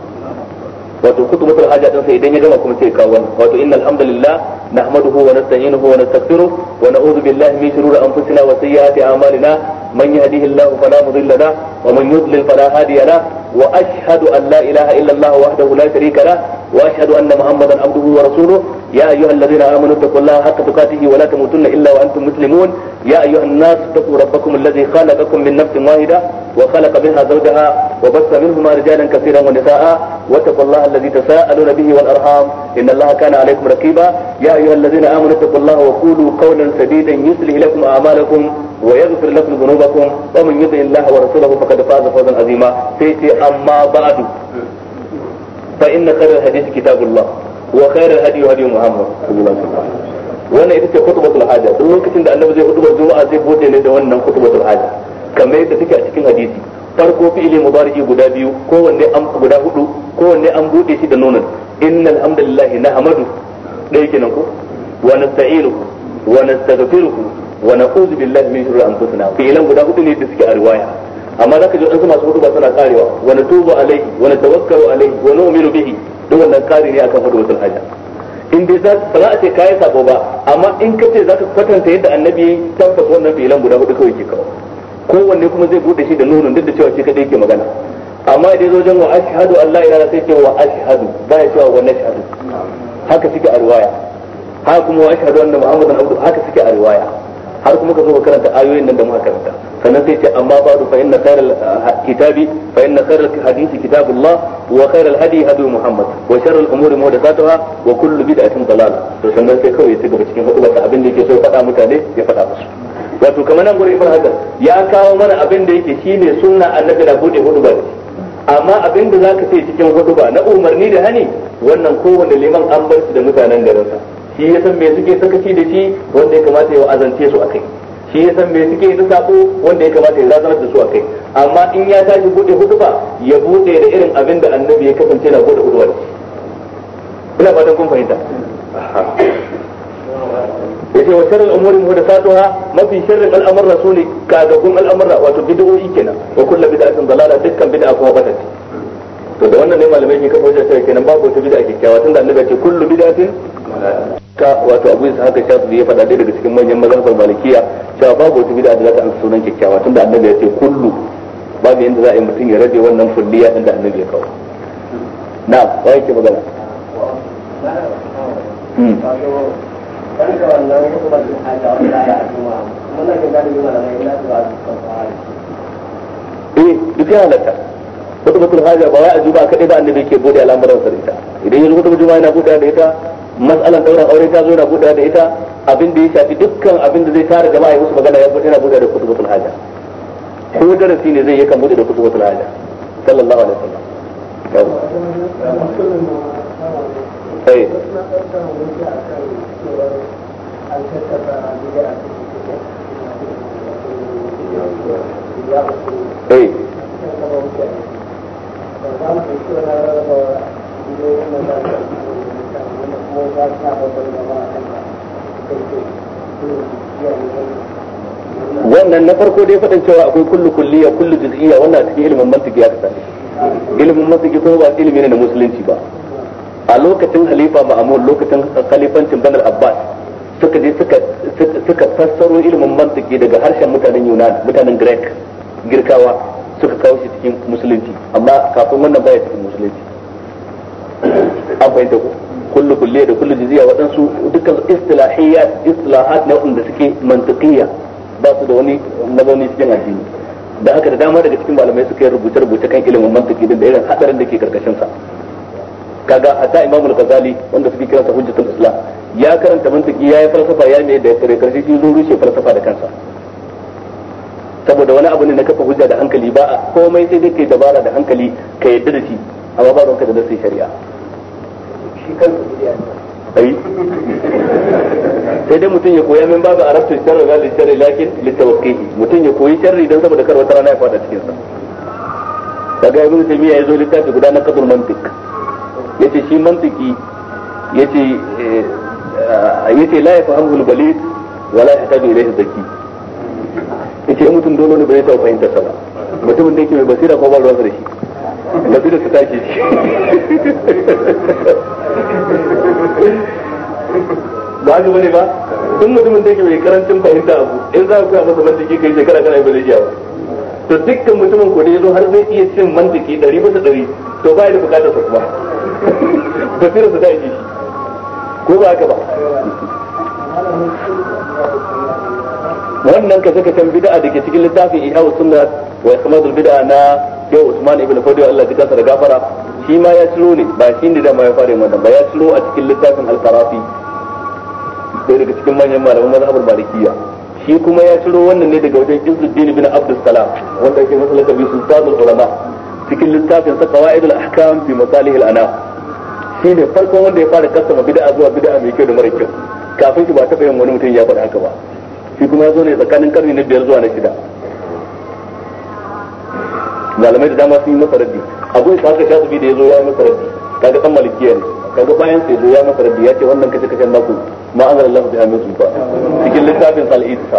wato kutubu tul haja din sai idan ya gama kuma sai kawo wannan wato inna hamdalillah nahmaduhu wa nasta'inuhu wa nastaghfiruh wa na'udhu billahi min shururi anfusina wa sayyiati a'malina man yahdihillahu fala mudilla lahu wa man yudlil fala hadiya wa ashhadu an la ilaha illa allah wahdahu la sharika واشهد ان محمدا عبده ورسوله يا ايها الذين امنوا اتقوا الله حق تقاته ولا تموتن الا وانتم مسلمون يا ايها الناس اتقوا ربكم الذي خلقكم من نفس واحده وخلق منها زوجها وبث منهما رجالا كثيرا ونساء واتقوا الله الذي تساءلون به والارحام ان الله كان عليكم رقيبا يا ايها الذين امنوا اتقوا الله وقولوا قولا سديدا يصلح لكم اعمالكم ويغفر لكم ذنوبكم ومن يطع الله ورسوله فقد فاز فوزا عظيما سيتي اما بعد فإن خير الحديث كتاب الله وخير الهدي هدي محمد صلى الله عليه وسلم wannan ita ce khutbatul haja duk lokacin da annabi zai khutbar juma'a zai bude ne da wannan khutbatul haja kamar yadda take a cikin hadisi farko fi'ili mubariki guda biyu kowanne an guda hudu kowanne an bude shi da nunan innal hamdalillahi nahmadu dai kenan ko wa nasta'inuhu wa nastaghfiruhu wa na'udhu billahi min shururi anfusina fi'ilan guda hudu ne da suke a riwaya amma zaka ji wasu masu hudu ba suna karewa wa tubu alai wa tawakkalu alai wa umiru bihi duk wannan kare ne akan hudu haja in dai za ba za a ce kayi sabo ba amma in ka ce za ka kwatanta yadda annabi ya tabbata wannan filan guda hudu kawai ke kawo kowanne kuma zai bude shi da nunun duk da cewa shi kadai ke magana amma idan zo wajen wa ashhadu an la ilaha sai ce wa ashhadu ba ya cewa wa nashhadu haka suke a riwaya haka kuma wa ashhadu anna muhammadan abdu haka suke a riwaya har kuma ka zo ka karanta ayoyin nan da muka karanta sannan sai ce amma ba'du fa inna kare kitabi fa inna khairal hadisi kitabullah wa khairal hadi hadu muhammad wa sharral umuri muhdathatuha wa kullu bid'atin dalala to sannan sai kawai ci gaba cikin hukumar da abin da yake so faɗa mutane ya faɗa musu wato kamar nan gurin ibn hajar ya kawo mana abin da yake shine sunna annabi da bude hudu ba amma abin da zaka ce cikin hudu ba na umarni da hani wannan kowanne liman an bar shi da mutanen garinsa shi ya san me suke sakaci da shi wanda ya kamata ya wa'azance su akai shi ya san me suke yin sako wanda ya kamata ya razanar da su a kai amma in ya tashi bude hudu ba ya bude da irin abin da annabi ya kasance na bude hudu wani ina fatan kun fahimta ce wa hudu sato ha mafi sharri al'amr rasuli kaga kun al'amurra wato bid'o'i kenan wa kullu sun zalala dukkan bid'a kuma batati to da wannan ne malamai ke kafa wajen sai kenan babu wata bid'a kikkiawa tun da annabi ce kullu bid'atin ka wato Abu Isa haka shafi ya faɗa daga cikin manyan mazhabar Malikiya cewa babu wata bid'a da za ta amsa sunan kikkiawa tun da annabi ya ce kullu babu yanda za a yi mutum ya rage wannan kulliya din da annabi ya kawo na'am ba yake magana hmm. eh duk yana da ta. khutbatul haja ba wai a juma'a kadai ba annabi yake bude al'amuran sa ita idan yanzu khutbatul juma'a yana bude da ita mas'alan dauran aure ta zo yana bude da ita abin da ya shafi dukkan abin da zai tara jama'a ya musu magana ya bude yana bude da khutbatul haja ko darasi ne zai yakan bude da khutbatul haja sallallahu alaihi wasallam
Hey. Eh. Eh. Hey.
wannan na farko dai faɗin cewa akwai kullu kulliya kullu juz'iyya wannan cikin ilimin mantiki ya kasa ilimin mantiki kuma ba ilimi ne na musulunci ba a lokacin halifa ma'amun lokacin khalifancin banar abbas suka je suka fassaro ilimin mantiki daga harshen mutanen yunan mutanen greek girkawa suka kawo shi cikin musulunci amma kafin wannan baya cikin musulunci an fahimta ku kullu kulliya da kullu jiziya waɗansu dukkan istilahiyya istilahat na waɗanda suke mantiqiyya ba su da wani mazauni cikin addini da haka da dama daga cikin malamai suka yi rubuce-rubuce kan ilimin mantiki da irin hadarin da ke karkashin sa kaga hatta imamu al-ghazali wanda suke kiransa hujjatul islam ya karanta mantiqi ya yi falsafa ya mai da kare karshe shi zo rushe falsafa da kansa saboda wani abu ne na kafa hujja da hankali ba a komai sai dai kai dabara da hankali ka yadda da shi amma ba ka da darsin shari'a ai sai dai mutum ya koya min babu arabtu sharri ga lisharri lakin litawaqqihi mutum ya koyi sharri dan saboda kar wata rana ya fada cikin sa daga ibnu taymiya zo littafi guda na qadrul mantiq yace shi mantiki yace eh, eh, yace la yafahamu al-balid wa la yahtaju ilayhi zaki ce in mutum dole ne bai taɓa fahimtar sa ba mutumin da yake mai basira ko ba ruwa da shi basira ta tashi shi ba haka bane ba in mutumin da yake mai karancin fahimta abu in za ka koya masa mantiki kai shekara kana ba zai iya ba to dukkan mutumin ko da yazo har zai iya cin mantiki 100 bisa to ba ya da bukatar sa kuma basira ta tashi shi ko ba haka ba wannan ka saka kan bid'a da ke cikin littafin ihya sunna wa ikhmadul bid'a na yau Usman ibn Fodiyo Allah ya kansa da gafara shi ma ya ciro ne ba shi ne da ma ya fara wannan ba ya ciro a cikin littafin al-Qarafi sai daga cikin manyan malaman mazhabar Malikiyya shi kuma ya ciro wannan ne daga wajen Izzuddin bin Abdul Salam wanda yake masa lakabi sultanul ulama cikin littafin sa qawaidul ahkam fi masalih al-anam shi ne farkon wanda ya fara kasama bid'a zuwa bid'a mai kyau da mara kyau kafin shi ba taɓa yin wani mutum ya faɗa haka ba shi kuma ya zo ne tsakanin karni na biyar zuwa na shida malamai da dama sun yi masa raddi abu isa ka shafi da ya zo ya yi masa raddi kaga dan malikiya ne kaga bayan sai zo ya masa raddi ya ce wannan kace kace naku ma an Allah bi amin su ba cikin littafin al-idsa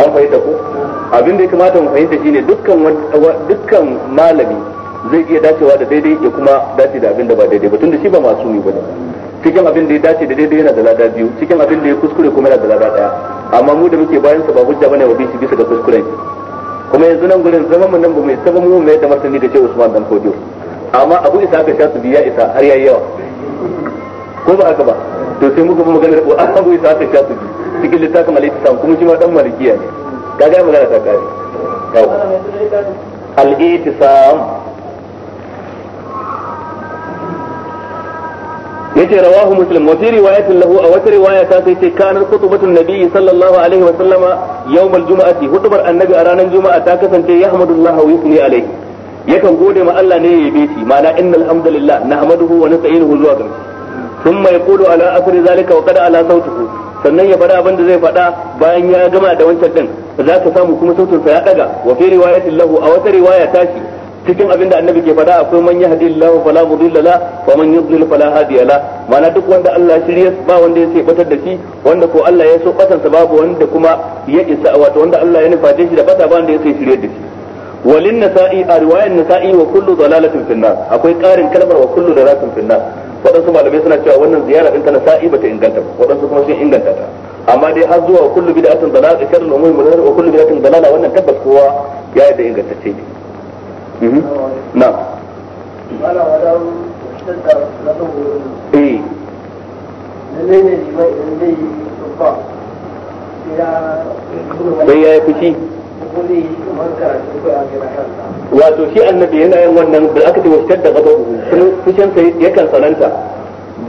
an fahimta ko abin da ya kamata mu fahimta shine dukkan dukkan malami zai iya dacewa da daidai ya kuma dace da abin da ba daidai ba tunda shi ba ba ne cikin abin da ya dace da daidai yana da lada biyu cikin abin da ya kuskure kuma yana da lada daya amma mu da muke bayan sa ba hujja bane wa bishi bisa ga kuskuren kuma yanzu nan gurin zaman mu nan ba isa saba mu mai da martani da ce Usman dan Kodiyo amma Abu Isa ka sha su biya isa har yayi yawa ko ba aka ba to sai muka bi maganar Abu Isa ka sha su cikin littafin Al-Ittisam kuma shi ma dan malikiya ne kaga magana ta kare al-Ittisam yace rawahu muslim wa fi riwayatin lahu a wata riwaya ta sai ce kanar kutubatun nabiyyi sallallahu alaihi wa sallama yawmal hudubar annabi a ranar juma'a ta kasance yahmadullah wa yusni alaihi yakan gode ma Allah ne ya yabe shi ma'ana innal hamdalillah nahmaduhu wa nasta'inuhu zuwa ga thumma yaqulu a la'asari zalika wa qad ala sannan ya faɗa abin da zai faɗa bayan ya gama da wancan din za ka samu kuma sautin sa ya daga wa fi riwayatin lahu a wata riwaya tashi. cikin abin da annabi ke faɗa akwai man yahdillahu fala mudilla la wa man yudlil fala hadiya la ma'ana duk wanda Allah shirya ba wanda yake batar da shi wanda ko Allah ya so batansa babu wanda kuma ya isa wato wanda Allah ya nufa shi da bata ba wanda yake shirya da shi walin nasa'i a riwayar nasa'i wa kullu dalalatin finnar akwai karin kalmar wa kullu dalalatin finnar waɗansu malamai suna cewa wannan ziyara ɗin ta nasa'i bata inganta ba waɗansu kuma sun inganta ta amma dai har zuwa kullu bid'atin dalala sharrul umuri wa kullu bid'atin dalala wannan tabbas kowa ya yi da ingantacce ne
Mhm. na'am eh sai ya yi fushi
wato shi annabi yana yin wannan da aka ce wasu da gaba fushinsa yakan tsananta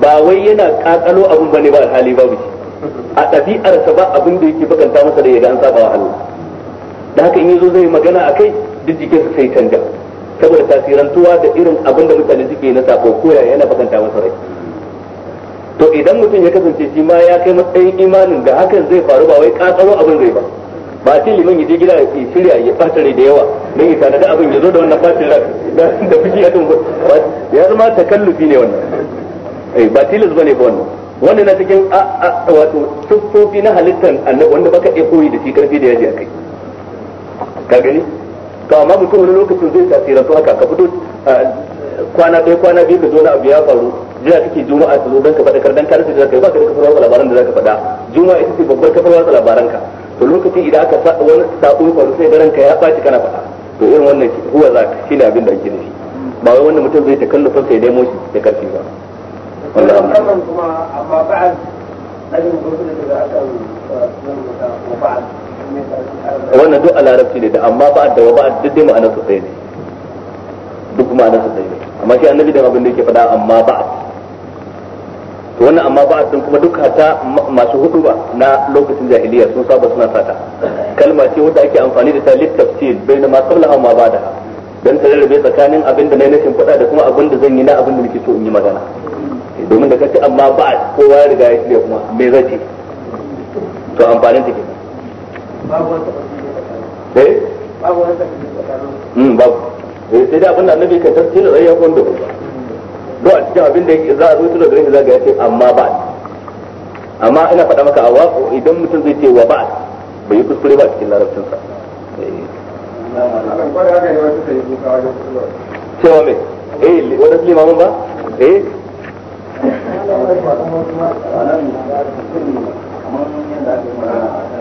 ba wai yana kakalo abun bane ba alhali babu shi a ɗabi'arsa ba abin da yake bakanta masa da ya ga an saba wa Allah da haka in yazo zai magana a ah, akai duk jikinsa sai canja saboda tasirin tuwa da irin abin da mutane suke na sako ko ya yana bakanta masa rai to idan mutum ya kasance shi ma ya kai matsayin imanin da hakan zai faru ba wai katsaro abin zai ba ba ce liman ya je gida ya shirya ya bata rai da yawa don ya tanada abin ya zo da wannan bacin rai da fushi ya tun ya zama takallufi ne wannan eh, ba tilas bane ba wannan wannan na cikin a a wato siffofi na halittar annabi wanda baka iya koyi da shi karfi da yaji akai ka gani to amma mutum wani lokacin zai tasirantu haka ka fito kwana ɗaya kwana biyu ka zo na abu ya faru jiya kake juma'a ta zo don ka faɗakar don karanta da kai ba ka da kafar watsa labaran da za ka faɗa juma'a ita ce babbar kafar watsa labaran ka to lokacin idan aka faɗa wani sako ya faru sai da ka ya ɓaci kana faɗa to irin wannan huwa za ka shi ne abin da ake da shi ba wai wanda mutum zai ta kalla sai dai moshi da karfi ba wallahi
amma ba'ad ajin gurbin da aka yi wa ba'ad wannan duk
a larabci ne da amma ba da ba ba duk dai ma'anar su ne duk ana su ne amma shi annabi dan abin da yake faɗa amma ba to wannan amma ba din kuma duk hata masu hudu ba na lokacin jahiliya sun saba suna sata kalma ce wanda ake amfani da ta littafsir baina ma amma ma da dan da rarrabe tsakanin abin da nayi nashin faɗa da kuma abin da zan yi na abin da nake so in yi magana domin da kace amma ba kowa ya riga ya shirya kuma me zai to amfanin take eh babu sai da abin da annabi kan tafsir da ya kondo do a cikin abin da yake za a zo tilo da yake zaga yace amma ba amma ina faɗa maka awa idan mutum zai ce wa ba bai yi kuskure ba cikin larabcin sa
cewa me eh wani limamin ba eh kamar yadda ake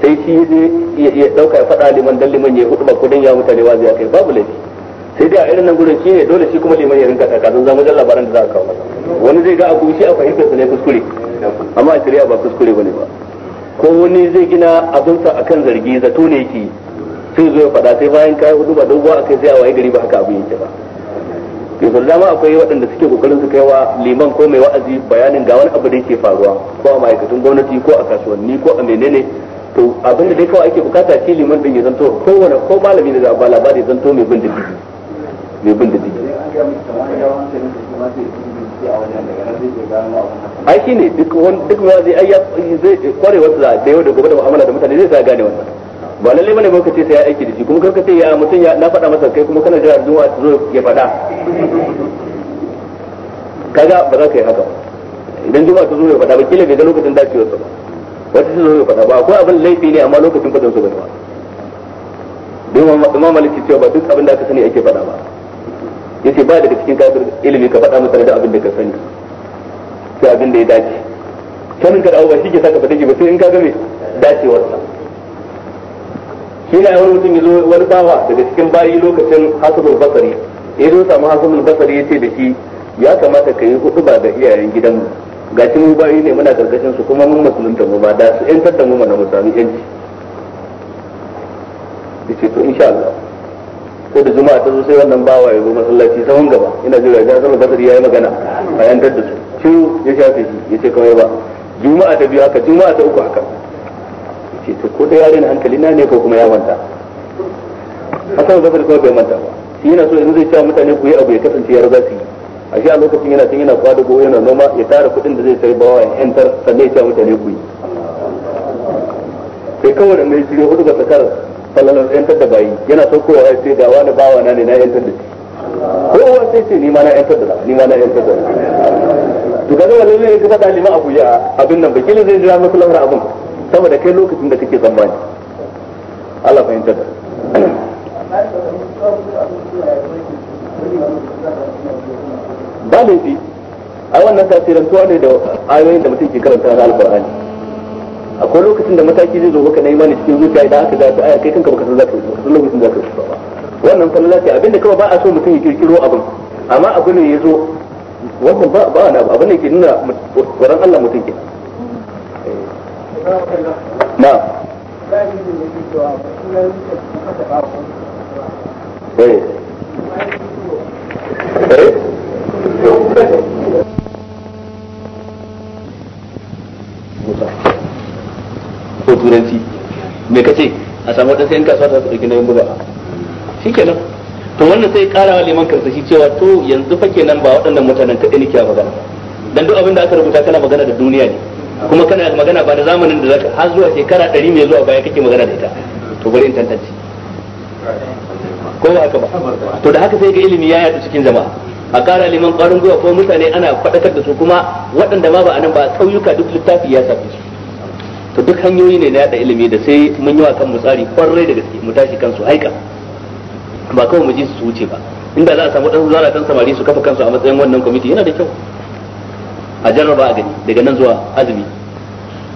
sai shi ya je ya dauka ya fada liman dan liman ya hudu ba kudin ya mutane wazi ya kai babu laifi sai dai a irin nan gurin shi ne dole shi kuma liman ya rinka kazan zama jan labaran da za a kawo masa wani zai ga abu shi a fahimtar sa ne kuskure amma a shari'a ba kuskure bane ba ko wani zai gina abinsa akan zargi zato ne yake sai zo ya faɗa sai bayan kayan hudu ba a akai sai a waye gari ba haka abu yake ba yanzu dama akwai waɗanda suke kokarin su kai wa liman ko mai wa'azi bayanin ga wani abu da yake faruwa ko a ma'aikatan gwamnati ko a kasuwanni ko a menene to abin da dai kawai ake bukata shi liman din ya zanto kowane ko malami da ba labari zanto mai bin diddigi mai bin diddigi ai shi ne duk wani duk ma zai ayya zai kware wasu da yau da gobe da mu'amala da mutane zai sa gane wannan ba lalle bane ba ce sai ya aiki da shi kuma kar ce ya mutum ya na faɗa masa kai kuma kana jira zuwa zo ya faɗa kaga ba za ka yi haka ba idan juma'a ta zo ya faɗa ba kila bai ga lokacin dacewa ba wata ta zo faɗa ba ko abin laifi ne amma lokacin faɗin su bai ba don imam maliki cewa ba duk abin da aka sani ake faɗa ba yace ba daga cikin kafir ilimi ka faɗa masa da abin da ka sani sai abin da ya dace sanin ka da ba shi ke saka faɗa ba sai in ka ga dacewar sa shi ne wani mutum ya zo wani bawa daga cikin bayi lokacin hasanul basari ya zo samu hasanul basari ya ce da shi ya kamata ka yi hutuba da iyayen gidanmu ga shi mu bayi ne muna gargashin su kuma mun musulunta mu ba da su yan da mu mana mu sami yanci dace to insha Allah ko da juma'a ta zo sai wannan bawa ya zo masallaci mun gaba ina jira ya san basari yayi magana a yan da su shiru ya shafe shi yace kawai ba juma'a ta biyu haka juma'a ta uku haka yace to ko da yarin hankali na ne ko kuma ya manta hasan basari kuma bai manta ba shi yana so yanzu zai cewa mutane ku yi abu ya kasance ya riga su yi a shi a lokacin yana can yana kwadago yana noma ya tara kudin da zai sai bawa ya yantar sannan ya ce mutane ku yi sai kawai da mai shirya hudu ga tsakar sallalar yantar da bayi yana saukowa ya ce da wani bawa na ne na yantar da shi ko uwa sai ce ni ma na yantar da ni ma na yantar da to ga wannan ne ka faɗa lima abu ya abin nan ba bakilin zai jira maka lamar abin saboda kai lokacin da kake tsammani Allah fahimtar da
Thank you.
ba a ai wannan tasirantuwa ne da ayoyin da mutum ke karanta na alkur'ani akwai lokacin da mataki zai zo maka na imani cikin zuciya idan aka zafi aya kai kanka baka san zaka san lokacin zaka yi ba wannan falala ce abinda kawai ba a so mutum ya kirkiro abin amma ne ya zo wannan ba ba na ne ke nuna tsoron Allah mutum ke na
eh eh ko
turanci
me kace a samu wadansu yan kasuwa ta su dauki nauyin buga shikenan to wannan sai karawa liman kansa shi cewa to yanzu fa kenan ba waɗannan mutanen kaɗai nake magana dan duk abin da aka rubuta kana magana da duniya ne kuma kana magana ba da zamanin da zaka har zuwa shekara ɗari mai zuwa baya kake magana da ita to bari in tantance ko haka ba to da haka sai ga ilimi ya yaɗu cikin jama'a a kara liman ƙwarin gwiwa ko mutane ana faɗakar da su kuma waɗanda ma ba nan ba ƙauyuka duk littafi ya shafi su to duk hanyoyi ne na yada ilimi da sai mun yi wa kanmu tsari kwarai da gaske mu tashi kansu haika ba kawai mu ji su wuce ba inda za a samu ɗan zaratan samari su kafa kansu a matsayin wannan kwamiti yana da kyau a jarraba a gani daga nan zuwa azumi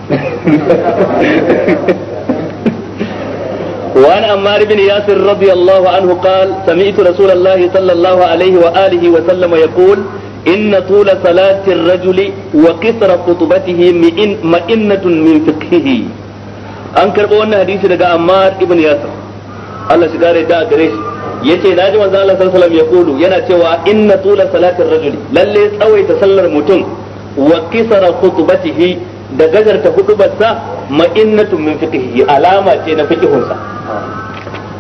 <laughs>
وعن عمار بن ياسر رضي الله عنه قال سمعت رسول الله صلى الله عليه وآله وسلم يقول إن طول صلاة الرجل وقصر خطبته مئنة من فقهه an karɓo wannan hadisi daga Ammar ibn Yasir Allah shi kare da gare shi yace naji manzo Allah sallallahu alaihi wasallam yana cewa inna tula salatin rajuli lalle tsawaita sallar mutum wa kisara da gajarta hudubarsa ma min alama ce na fiqhunsa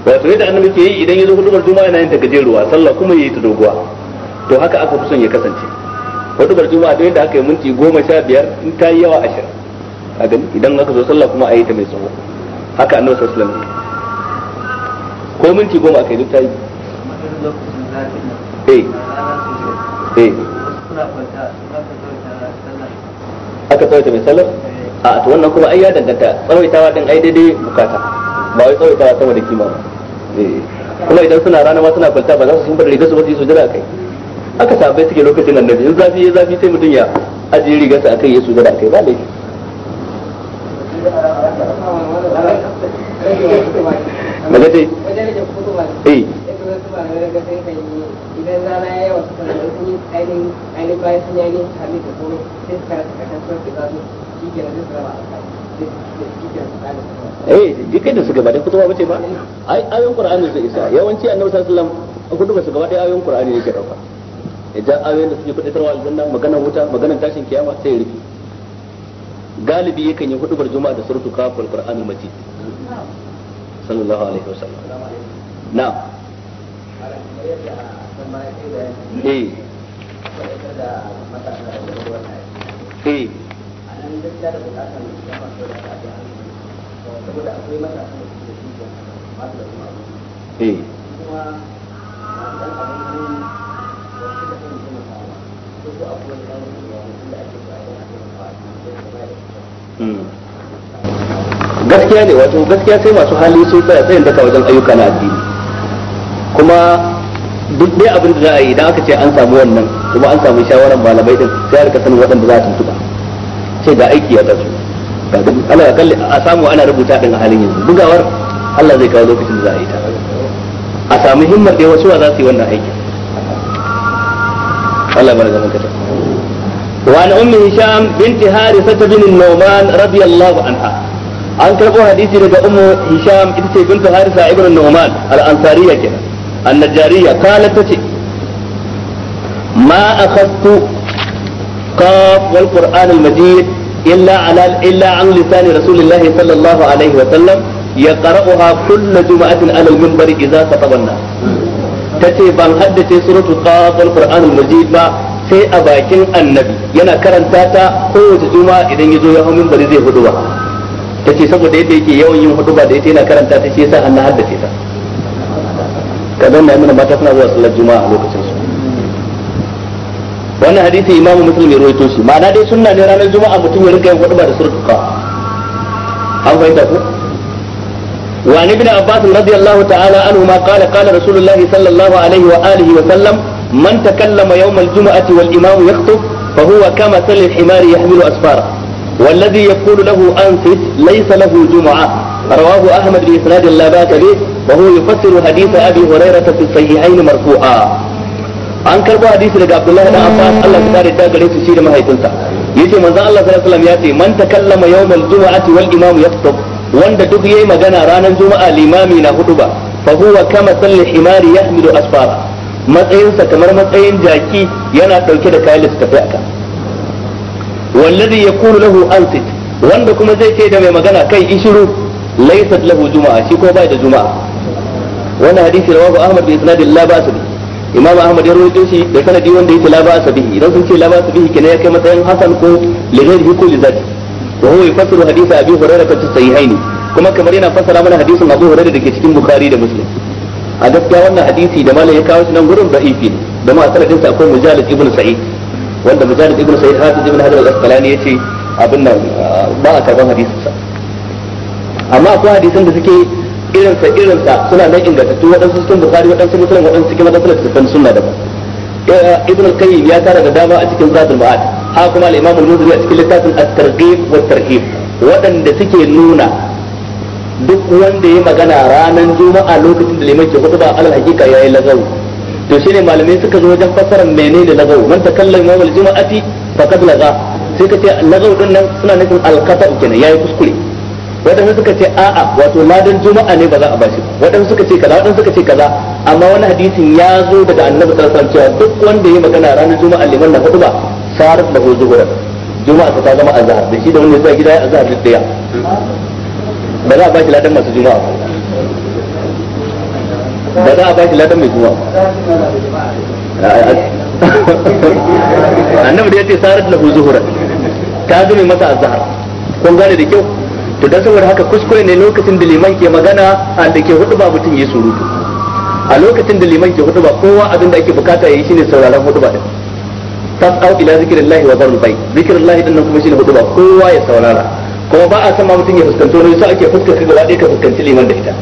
wato yadda annabi ke yi idan ya zo hudubar juma'a yana yin ta gajeruwa sallah kuma yayi ta doguwa to haka aka fi son ya kasance hudubar juma'a da yadda aka yi minti goma sha biyar in ta yi yawa ashirin a gani idan aka zo sallah kuma a yi ta mai tsawo haka annabi sallallahu alaihi wasallam ko minti goma aka yi duk ta yi eh eh aka tsawaita mai sallar eh. a to wannan kuma ai ya danganta tsawaitawa din ai daidai bukata ba wai kawai tana sama da kima ba eh. kuma idan suna rana ma suna kwanta ba za su shimfa da rigar su ba su yi sujada a kai aka sabe suke lokacin annabi in zafi ya zafi sai mutum ya ajiye rigar sa akai ya sujada a kai ba laifi
dai eh idan rana ya sun yi ainihin bayan sun yi ainihin kuma sai ke a kai eh
jikin da suka ba da kutuba bace ba ai ayoyin qur'ani su isa yawanci annabi sallallahu alaihi wasallam kutuba su gaba da ayoyin qur'ani yake dauka idan ayoyin da suke fadatarwa aljanna magana wuta magana tashin kiyama sai rufi galibi yakan yi hudubar juma'a da suratu kafin qur'an al-majid sallallahu alaihi wasallam
na'am eh eh gaskiya da bukatar da suka masu
gaskiya ne wato gaskiya sai masu hali sun tsaya tsayin daka wajen ayyuka na addini kuma duk dai abin za a yi idan aka ce an samu wannan kuma an samu shawaran malamai da sai a rika sanin waɗanda za a tuntuba sai ga aiki ya taso ga duk kalli a samu ana rubuta din a halin yanzu bugawar Allah zai kawo lokacin da za a yi ta a samu himmar da wasu za su yi wannan aiki Allah bar zaman kata وعن أم هشام بنت هارثة بن bin nu'man radiyallahu anha an karbo hadisi daga ummu hisham ita ce binti harisa ibn nu'man al-ansariya kenan annajariya kala tace ma akhadtu qaf wal qur'an al illa an lisan rasulullah sallallahu alaihi wa sallam yaqra'uha kullu juma'atin ala al minbar idza khatabanna tace ban haddace surutu qaf wal qur'an majid ba sai a bakin annabi yana karanta ta kowace juma'a idan ya zo ya hau minbari zai hudu ba ta ce saboda yadda yake yawan yin hudu ba da ita yana karanta ta shi yasa an na haddace ta ka zauna ya mana mata suna zuwa sallar juma'a a lokacin wannan hadisi imamu muslim ya rawaito shi ma'ana dai sunna ne ranar juma'a mutum ya rinka yin hudu ba da surkuka an fahimta ko وعن ابن عباس رضي الله تعالى عنهما قال قال رسول الله صلى الله عليه وآله وسلم من تكلم يوم الجمعة والإمام يخطب فهو كمثل الحمار يحمل أسفاره والذي يقول له أنفت ليس له جمعة رواه أحمد بإسناد لا بأس به وهو يفسر حديث أبي هريرة في الصحيحين مرفوعا an karbo hadisi daga Abdullahi dan Abbas Allah ya kare da gare shi da mahaifinsa yace manzo Allah sallallahu alaihi wasallam yace man takallama yawmal jumu'ati wal imamu yaktub wanda duk yayi magana ranar juma'a limami na huduba fa huwa kama sallil himari yahmilu asfara matsayinsa kamar matsayin jaki yana dauke da kayan littafai aka wallazi yaqulu lahu ansit wanda kuma zai ce da mai magana kai ishiru laysat lahu juma'a shi ko bai da juma'a wannan hadisi rawahu Ahmad bi isnadillah ba sabi imam ahmad ya rawaito shi da sanadi wanda yake la ba'a bihi idan sun ce la ba'a bihi kenan ya kai matsayin hasan ko li ghairihi ko li zati wa huwa yufassiru hadith abi hurairah fi sahihain kuma kamar yana fassara mana hadisin abu hurairah dake cikin bukhari da muslim a gaskiya wannan hadisi da malai ya kawo shi nan gurin da'ifi ne da ma sanadin sa akwai mujalid ibn sa'id wanda mujalid ibn sa'id hafiz ibn hadar al-asqalani yace abin nan ba a karban hadisin sa amma akwai hadisin da suke irinsa irinsa suna nan ingantattu waɗansu cikin bukari waɗansu musulun waɗansu cikin waɗansu littattafan sunna daban ibn al-qayyim ya tara da dama a cikin zadul ma'ad ha kuma al-imam al-muziri a cikin littafin at-targhib wa tarhib waɗanda suke nuna duk wanda ya magana ranar juma'a lokacin da liman ke hudu ba alal hakika yayi lagawu to shine malamai suka zo wajen fassara menene lagawu man imam al juma'ati faqad laga sai ka ce din nan suna nufin al-qata kenan yayi kuskure waɗanda suka ce a'a wato ladan juma'a ne ba za a bashi waɗanda suka ce kaza waɗanda suka ce kaza amma wani hadisin ya zo daga annabi sallallahu alaihi wasallam duk wanda ya magana ranar juma'a liman na hudu ba sarat lahu zuhuran juma'a ta zama azhar da shi da wanda ya gida ya azhar duk daya ba za a bashi ladan masu juma'a ba za a bashi ladan mai juma'a annabi da ya ce sarat lahu zuhuran ta zo mai masa azhar kun gane da kyau to dan saboda haka kuskure ne lokacin da liman ke magana a da ke hudu ba mutum ya surutu a lokacin da liman ke hudu ba kowa abin da ake bukata yayi shine sauraron hudu ba din au ila zikrillahi wa dharul bayt zikrillahi din nan kuma shine hudu ba kowa ya saurara kuma ba a san ma mutum ya fuskanto ne sai ake fuskar ka gaba ɗaya ka fuskanci liman da ita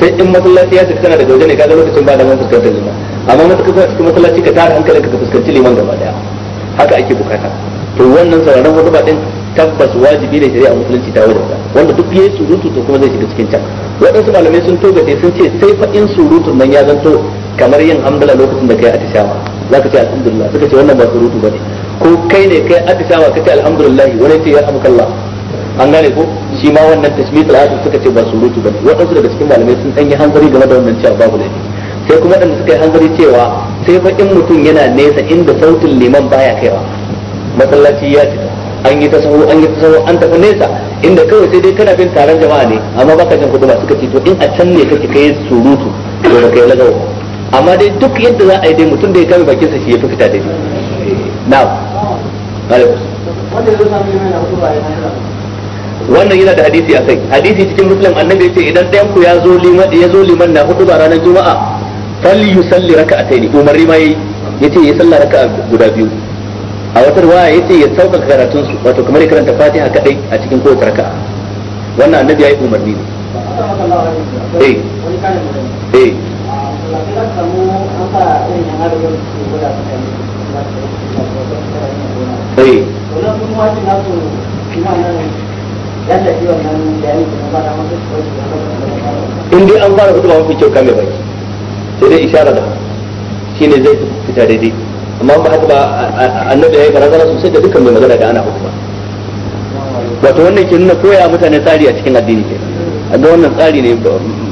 sai in masallaci ya ce tana daga waje ne kaga lokacin ba da mun fuskantar liman amma mutum ka cikin masallaci ka tara hankalinka ka fuskanci liman gaba ɗaya haka ake bukata to wannan sauraron hudu ba din tabbas wajibi ne shari'a musulunci ta ta wanda duk yayi surutu to kuma zai shiga cikin can waɗansu malamai sun togace sun ce sai fa in surutun nan ya zanto kamar yin hamdala lokacin da kai atishawa zaka ce alhamdulillah suka ce wannan ba surutu bane ko kai ne kai atishawa kace alhamdulillah wani ce ya Allah an gane ko shi ma wannan tashmit al'adu suka ce ba surutu bane waɗansu daga cikin malamai sun ɗan hankali game da wannan cewa babu laifi sai kuma waɗanda suka yi hankali cewa sai fa in mutum yana nesa inda sautin liman baya kaiwa masallaci ya cika an yi ta sahu an yi ta sahu an tafi nesa inda kawai sai dai kana bin taron jama'a ne amma baka jin kudu suka ce to in a can ne kake kai surutu to da kai lagawa amma dai duk yadda za a yi dai mutum da ya kame bakin sa shi ya fita da dai na'am alaikum wannan yana da hadisi a kai hadisi cikin muslim annabi yace idan ɗayan ku ya zo liman ya zo liman na hudu ba ranar juma'a fal yusalli raka'atayn umarni ma yace ya sallar raka'a guda biyu a wata ruwaya ya ce ya sauka karatun su wato kamar ya karanta fatiha kadai a cikin kowace raka'a wannan annabi ya yi umarni ne
eh eh eh
in dai an fara ba mafi kyau kame baki sai dai ishara da ne zai fita daidai amma ba haka ba annabi ya yi barazana sosai da dukkan mai magana da ana hukuma wato wannan ke nuna koya mutane tsari a cikin addini ke a ga wannan tsari ne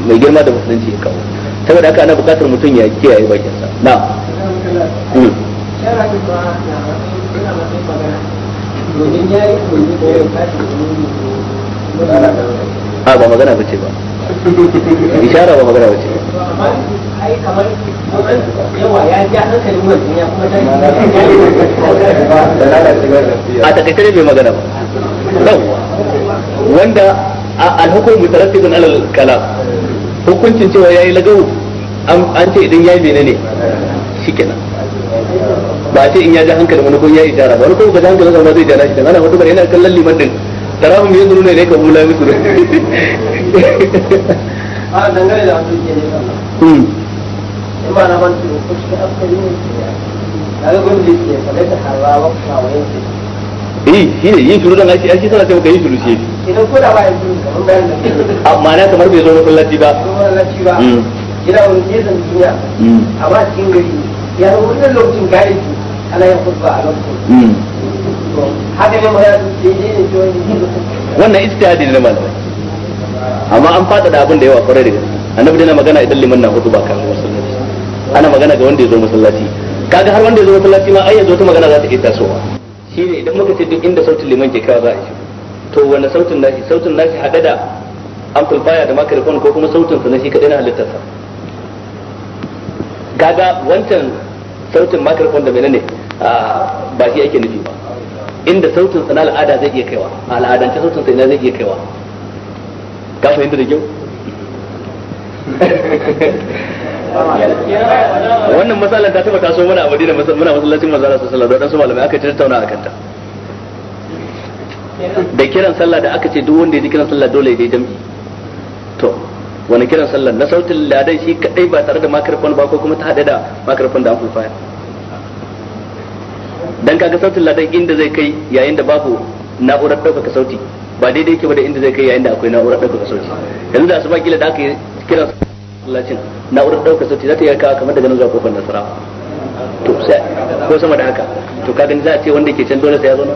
mai girma da musulunci ya kawo saboda haka ana bukatar mutum ya kiyaye sa na hmm. a ba magana ba ce ba ishara ba magana ba ce ba
kamar yawa ya
a takaice bai magana ba ɗau wanda a alhukum mutarattibun alal kalam hukuncin cewa ya yi lagawu an ce idan ya yi bene ne shi shikenan ba ce in ya ja hankali wani ko ya yi jara ba wani ko ba ji hankali wani zai jara shi dan ana wata bari yana kallon liman din tarahum ne ne ka la yusurun
<laughs> a dangane da wasu ke ne kama in ba na ban ko shi ne ke ya daga gudu ke kwale ta
eh shi ne yin don aiki aiki taimaka yin shi
idan ko da ba yin kamar bayan da a ma'ana
kamar bai zo ba
ba hmm. wani duniya a ba cikin gari ya zo wani lokacin gari ana yin a lokacin hmm. haka ne ke yi ne ke wani
wannan istihadi ne amma an fada da abin da yawa kwarai da gaske annabi dai magana idan liman na hudu ba kan masallaci ana magana ga wanda ya zo masallaci kaga har wanda ya zo masallaci ma ai yanzu wata magana za ta iya tasowa shine idan muka ce duk inda sautin liman ke kawo za a yi to wanda sautin nashi sautin nashi hada da amplifier da microphone ko kuma sautin sa na shi kadai na halittarsa kaga wancan sautin microphone da menene ah, ba shi ake nufi ba inda sautin sa na al'ada zai iya kaiwa al'adance sautin sa ina zai iya kaiwa ka fahimta da kyau wannan matsalar ta taba taso mana a madina muna masallacin mazara su sallallahu alaihi su malamai aka tattauna a kanta da kiran sallah da aka ce duk wanda ya ji kiran sallah dole ya je jami'i to wani kiran sallah na sautin ladan shi kadai ba tare da microphone ba ko kuma ta hada da microphone da amplifier dan kaga sautin ladan inda zai kai yayin da babu na'urar ɗaukaka sauti ba daidai ke ba da inda zai kai yayin da akwai na'urar ɗaukaka sauti yanzu da asuba kila da aka yi kiran masallacin na'urar ɗaukaka sauti za ta yi kawo kamar daga nan zuwa kofar nasara to sai ko sama da haka to ka gani za a ce wanda ke can dole sai ya zo nan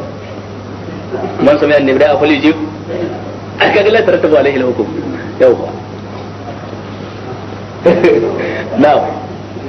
man samiyan ne bai a afali ji a kaga gila tarattabu alaihi al yau ba na'am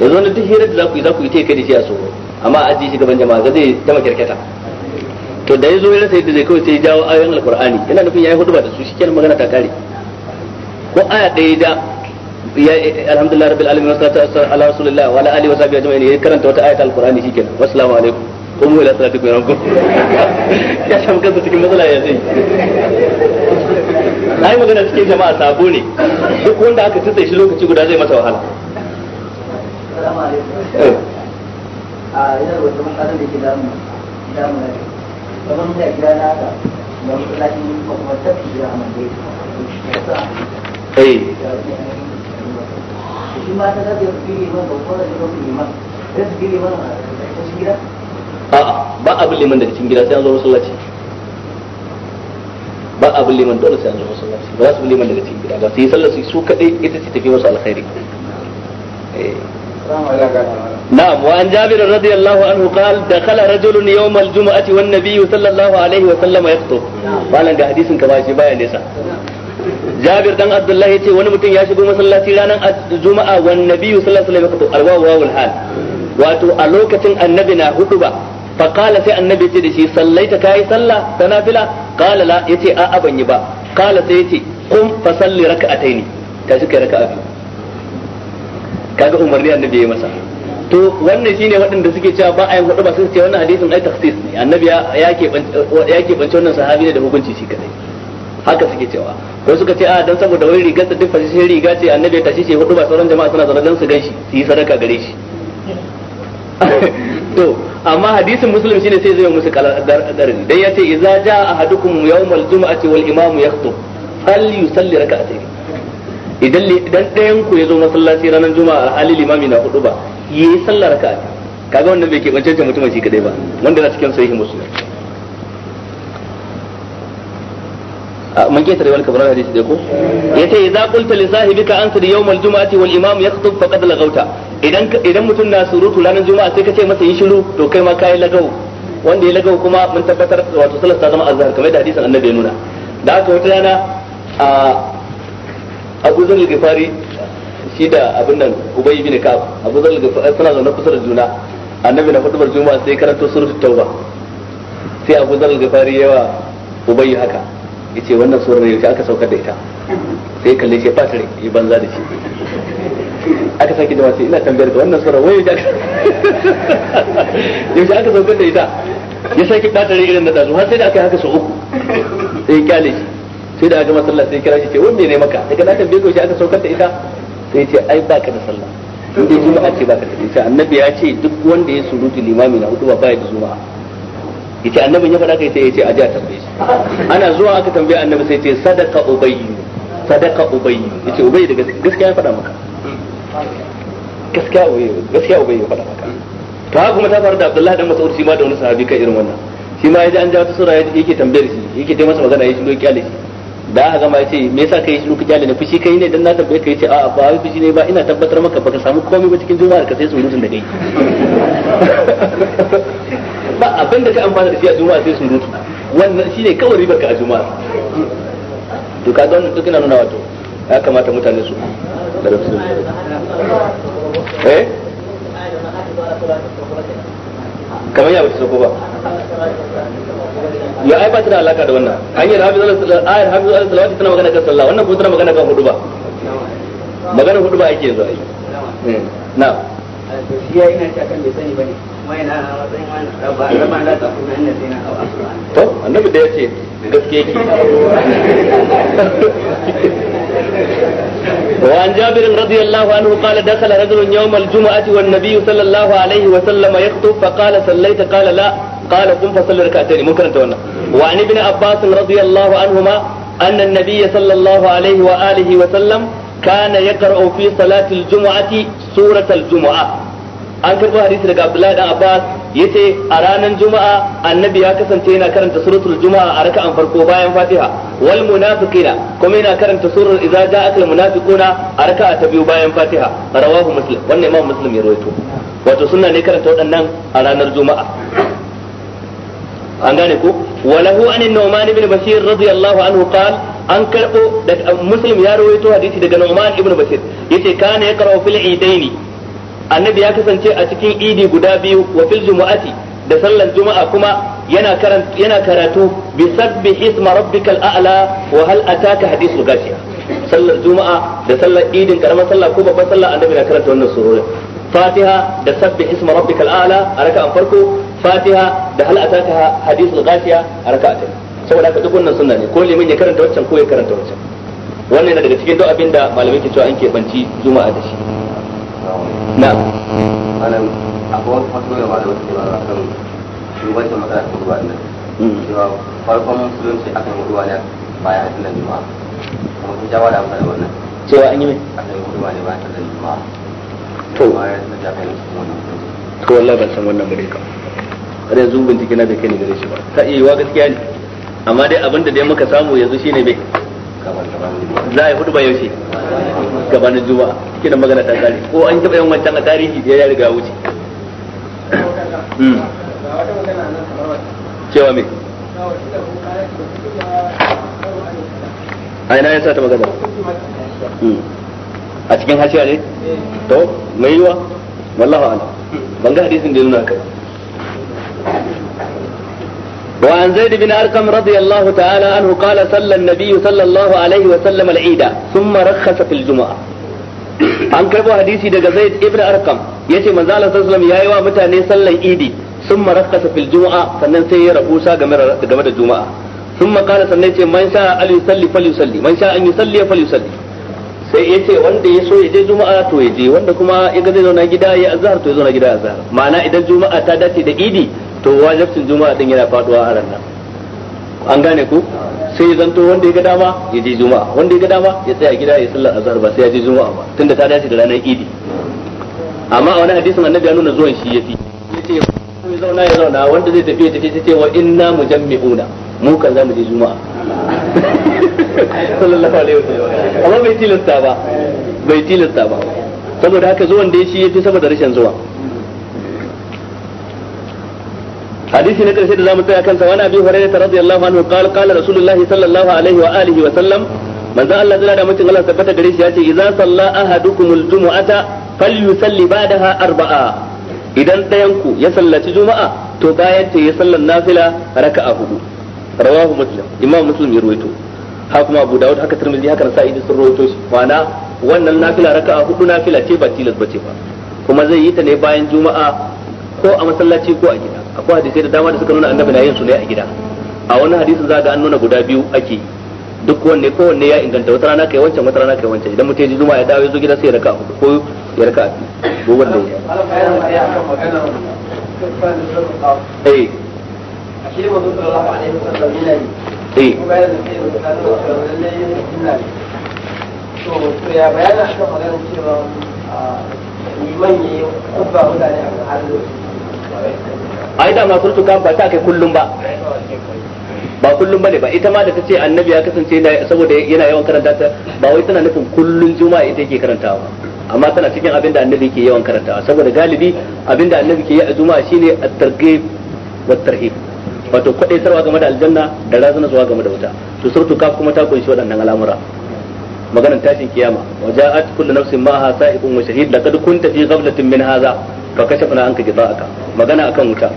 yanzu wani duk hirar da za ku yi za ku yi ta kai da shi a tsoro amma a ajiye shi gaban jama'a ga zai ta makyarkata to da ya zo ya rasa yadda zai kawai sai jawo ayoyin alkur'ani yana nufin ya yi hudu ba da su shi kenan magana ta kare ko aya ɗaya da ya alhamdulillah rabbil alamin wa salatu ala rasulillah wa ala alihi wa ajma'in ya karanta wata alkur'ani alqur'ani shikenan wassalamu alaikum kuma ila salatikum ya rabbu
<laughs>
ya san kansa cikin matsala ya zai ai magana cikin jama'a sabo ne duk wanda aka tsitsa shi lokaci guda zai masa wahala
a yana eh. ah, da ke damu damu na eh. ne kamar da
a'a ba abin liman daga cikin gida sai an zo masallaci ba abin liman dole sai an zo masallaci ba su liman daga cikin gida ba sallar su su kaɗai ita ce tafi masu alkhairi eh نعم وعن جابر رضي الله عنه قال دخل رجل يوم الجمعة والنبي صلى الله عليه وسلم يخطب قال ده حديث كما شي بايا نيسا جابر دان عبد الله yace wani mutum ya shigo masallaci ranar juma'a wan nabi sallallahu alaihi wasallam alwawu wawul hal wato a lokacin annabi na hudu ba fa qala sai annabi yace da shi sallaita kayi sallah sanafila qala la yace a ban yi ba qala sai yace kum fa salli raka'ataini tashi kai raka'a kaga umarni annabi ya masa to wannan shine waɗanda suke cewa ba a yin hudu ba sun ce wannan hadisin ai taksis ne annabi ya ke ya ke bance wannan sahabi ne da hukunci shi kadai haka suke cewa ko suka ce a dan saboda wai riga ta duk fashe riga ce annabi ya tashi ce hudu ba sauran jama'a suna zaune dan su ganshi su yi sadaka gare shi to amma hadisin muslim shine sai zai musu kalarin dan yace idza jaa ahadukum yawmal jum'ati wal imamu yakhutub fal yusalli rak'atayn idan idan ɗayan ku ya zo masallaci ranar juma'a alhali limami na hudu ba yi sallar ka kaga wannan bai keɓance ta mutumin shi kadai ba wanda na cikin sahihi muslim mun ke tarewar kabarar hadisi dai ko yace idza qulta li sahibika ansir yawm al-jum'ati wal imam yakhutub faqad lagauta idan idan mutum na surutu ranar juma'a sai ka ce masa yi shiru to kai ma kai lagau wanda ya lagau kuma mun tabbatar wato sallar ta zama azhar kamar da hadisin annabi ya nuna da aka wata rana a abu zan gifari shi da abin nan ubay bin kaf abu zan gifari suna zaune kusa da juna annabi na fadubar juma sai karanto suratul tauba sai abu zan gifari yawa ubay haka yace wannan surar ne aka saukar da ita sai kalle shi fatare yi banza da shi aka saki da wasu ina tambayar ga wannan surar waye yaushe <laughs> yace aka saukar da ita ya sake fatare irin da dazu har sai da aka haka su uku sai kyale shi sai da aka masallah sai kira shi ce wanne ne maka daga na tambaye shi aka saukar da ita sai ce ai baka da sallah in dai juma'a ce baka da sallah annabi ya ce duk wanda ya surutu limami na hudu ba baya da juma'a yace annabi ya faɗa kai sai ce aje a tambaye
shi
ana zuwa aka tambaye annabi sai ce sadaka ubayyu sadaka ubayyu yace ubayyu da gaskiya ya faɗa maka gaskiya ubayyu gaskiya ubayyu ya faɗa maka to haka kuma ta faru da Abdullahi dan Mas'ud shi ma da wani sahabi kan irin wannan shi ma yaji an ja ta sura yake tambayar shi yake ta masa magana yaji doki alishi da aka gama ce me yasa kai shiru kijali ne fushi kai ne dan na tabbai kai ce a ba wai fushi ne ba ina tabbatar maka baka samu komai ba cikin juma'ar ka sai surutun da kai <laughs> ba abin da ka amfana da shi a juma'a sai surutu wannan shine kawai ribar ka a juma'a to kaga wannan duk ina nuna wato ya kamata mutane su da eh kamar ya wuce ba ya ai ba ta da alaka da wannan hanyar hafizu ala ayar hafizu ala salawati tana magana kan sallah wannan ko tana magana kan hudu ba magana hudu ba ake yanzu ai hmm. na
to shi ya ina ta kan bai sani bane
to annabi da ya ce gaskiya ki <laughs> وعن جابر رضي الله عنه قال دخل رجل يوم الجمعة والنبي صلى الله عليه وسلم يخطب فقال صليت قال لا قال قم فصل ركعتين ممكن تونا وعن ابن عباس رضي الله عنهما أن النبي صلى الله عليه وآله وسلم كان يقرأ في صلاة الجمعة سورة الجمعة an karɓo hadisi daga Abdullahi dan Abbas yace a ranar juma'a annabi ya kasance yana karanta suratul juma'a a raka'an farko bayan fatiha wal munafiqina kuma yana karanta surar idza ja'akal munafiquna a raka'a ta biyu bayan fatiha rawahu muslim wannan imam muslim ya rawaito wato sunna ne karanta waɗannan a ranar juma'a an gane ko walahu an nu'man ibn bashir radiyallahu anhu qala an karbo da muslim ya rawaito hadisi daga nu'man ibn bashir yace kana yaqra fil idaini annabi ya kasance a cikin idi guda biyu wa fil jumu'ati da sallar juma'a kuma yana karatu yana karatu bi sabbi isma rabbikal a'la wa hal ataka hadithul gashiya sallar juma'a da sallar idin karamar sallah ko babbar sallah annabi na karanta wannan surorin fatiha da sabbi isma rabbikal a'la a raka'an farko fatiha da hal ataka hadithul gashiya a raka'a ta saboda haka duk wannan sunna ne ko limin ya karanta waccan ko ya karanta waccan wannan yana daga cikin duk abinda malamai ke cewa an banci juma'a da shi
na'am malam
akwai wasu fatoyi ba da wasu ke ba kan shugabancin matsala ta ruwa ɗin hmm. cewa farkon musulunci akan yi ruwa ne bayan haɗin da jima'a kuma sun jawa da amsa da wannan cewa an yi mai akan yi ruwa ne bayan haɗin da jima'a to to wallahi ban san wannan bare ka har yanzu bincike na da kai ne gare shi ba ta iya yiwa gaskiya ne amma dai abinda dai muka samu yanzu shine mai za a yi hudu ba yaushe gabanin juma'a kina magana ta tsari ko an taɓa yin wancan a tarihi da ya riga wuce hmm. cewa me a ina ya sa ta magana hmm. a cikin hashiya ne to mai yiwa wallahu ala ban ga hadisin da nuna kai وعن زيد بن أرقم رضي الله تعالى عنه قال صلى النبي صلى الله عليه وسلم العيد ثم رخص في الجمعة an karbo hadisi daga zaid ابن arkam yace مزالة Allah يا alaihi yayi wa mutane sallan idi sun marakkasa fil juma'a sannan sai ya ثم قال game da juma'a sun makala sannan yace man sha al yusalli fal yusalli man sha wanda ya so ya je juma'a to ya je wanda kuma ya ga zai zauna gida ya azhar to ya zauna gida azhar ma'ana idan juma'a ta dace da idi to wajabcin juma'a din yana faduwa a ranar an gane ku sai zan to wanda ya ga dama ya je juma'a wanda ya ga dama ya tsaya gida ya sallar azhar ba sai ya je juma'a ba tunda ta dace da ranar idi amma a wani hadisin annabi ya nuna zuwan shi ya fi ya zauna ya zauna wanda zai tafi ya tafi sai ce wa inna mujammi'una mu kan za mu je juma'a sallallahu alaihi wasallam amma bai tilasta ba bai tilasta ba saboda haka zuwan da shi ya fi saboda rashin zuwa hadisi na karshe da zamu tsaya kansa wani abi hurairah radiyallahu anhu qala qala rasulullahi sallallahu alaihi wa alihi wa sallam manzo Allah zira da mutum Allah tabbata gare shi yace idza salla ahadukumul jumu'ata falyusalli ba'daha arba'a idan dayan ku ya sallaci juma'a to bayan ta ya sallan nafila raka'a hudu rawahu muslim ya ruwaito haka kuma abu dawud haka tirmidhi haka nasa'i sun ruwaito shi ma'ana wannan nafila raka'a hudu nafila ce ba tilas bace kuma zai yi ta ne bayan juma'a ko a masallaci ko a gida akwai hadisai da dama da suka nuna annabi na yin su ne a gida a wani hadisin za ga an nuna guda biyu ake duk wanne kowanne ya inganta wata rana kai wancan wata rana kai wancan idan mutum ya ji juma'a ya dawo ya zo gida sai ya raka uku ko ya raka biyu ko
wanda ya eh eh
ai da masu rutukan ba ta kai kullum ba ba kullum bane ba ita ma da ta ce annabi ya kasance saboda yana yawan karanta ta ba wai tana nufin kullun juma'a ita yake karantawa amma tana cikin abin da annabi ke yawan karantawa saboda galibi abin da annabi ke yi a juma'a shine at-targhib wa tarhib wato sarwa game da aljanna da razana zuwa game da wuta to surtu kuma ta kunshi waɗannan al'amura maganar tashin kiyama waja'at kullu nafsin ma'aha sa'iqun wa shahid laqad kunta fi ghaflatin min hadha fa kashafna anka ghita'aka magana akan wuta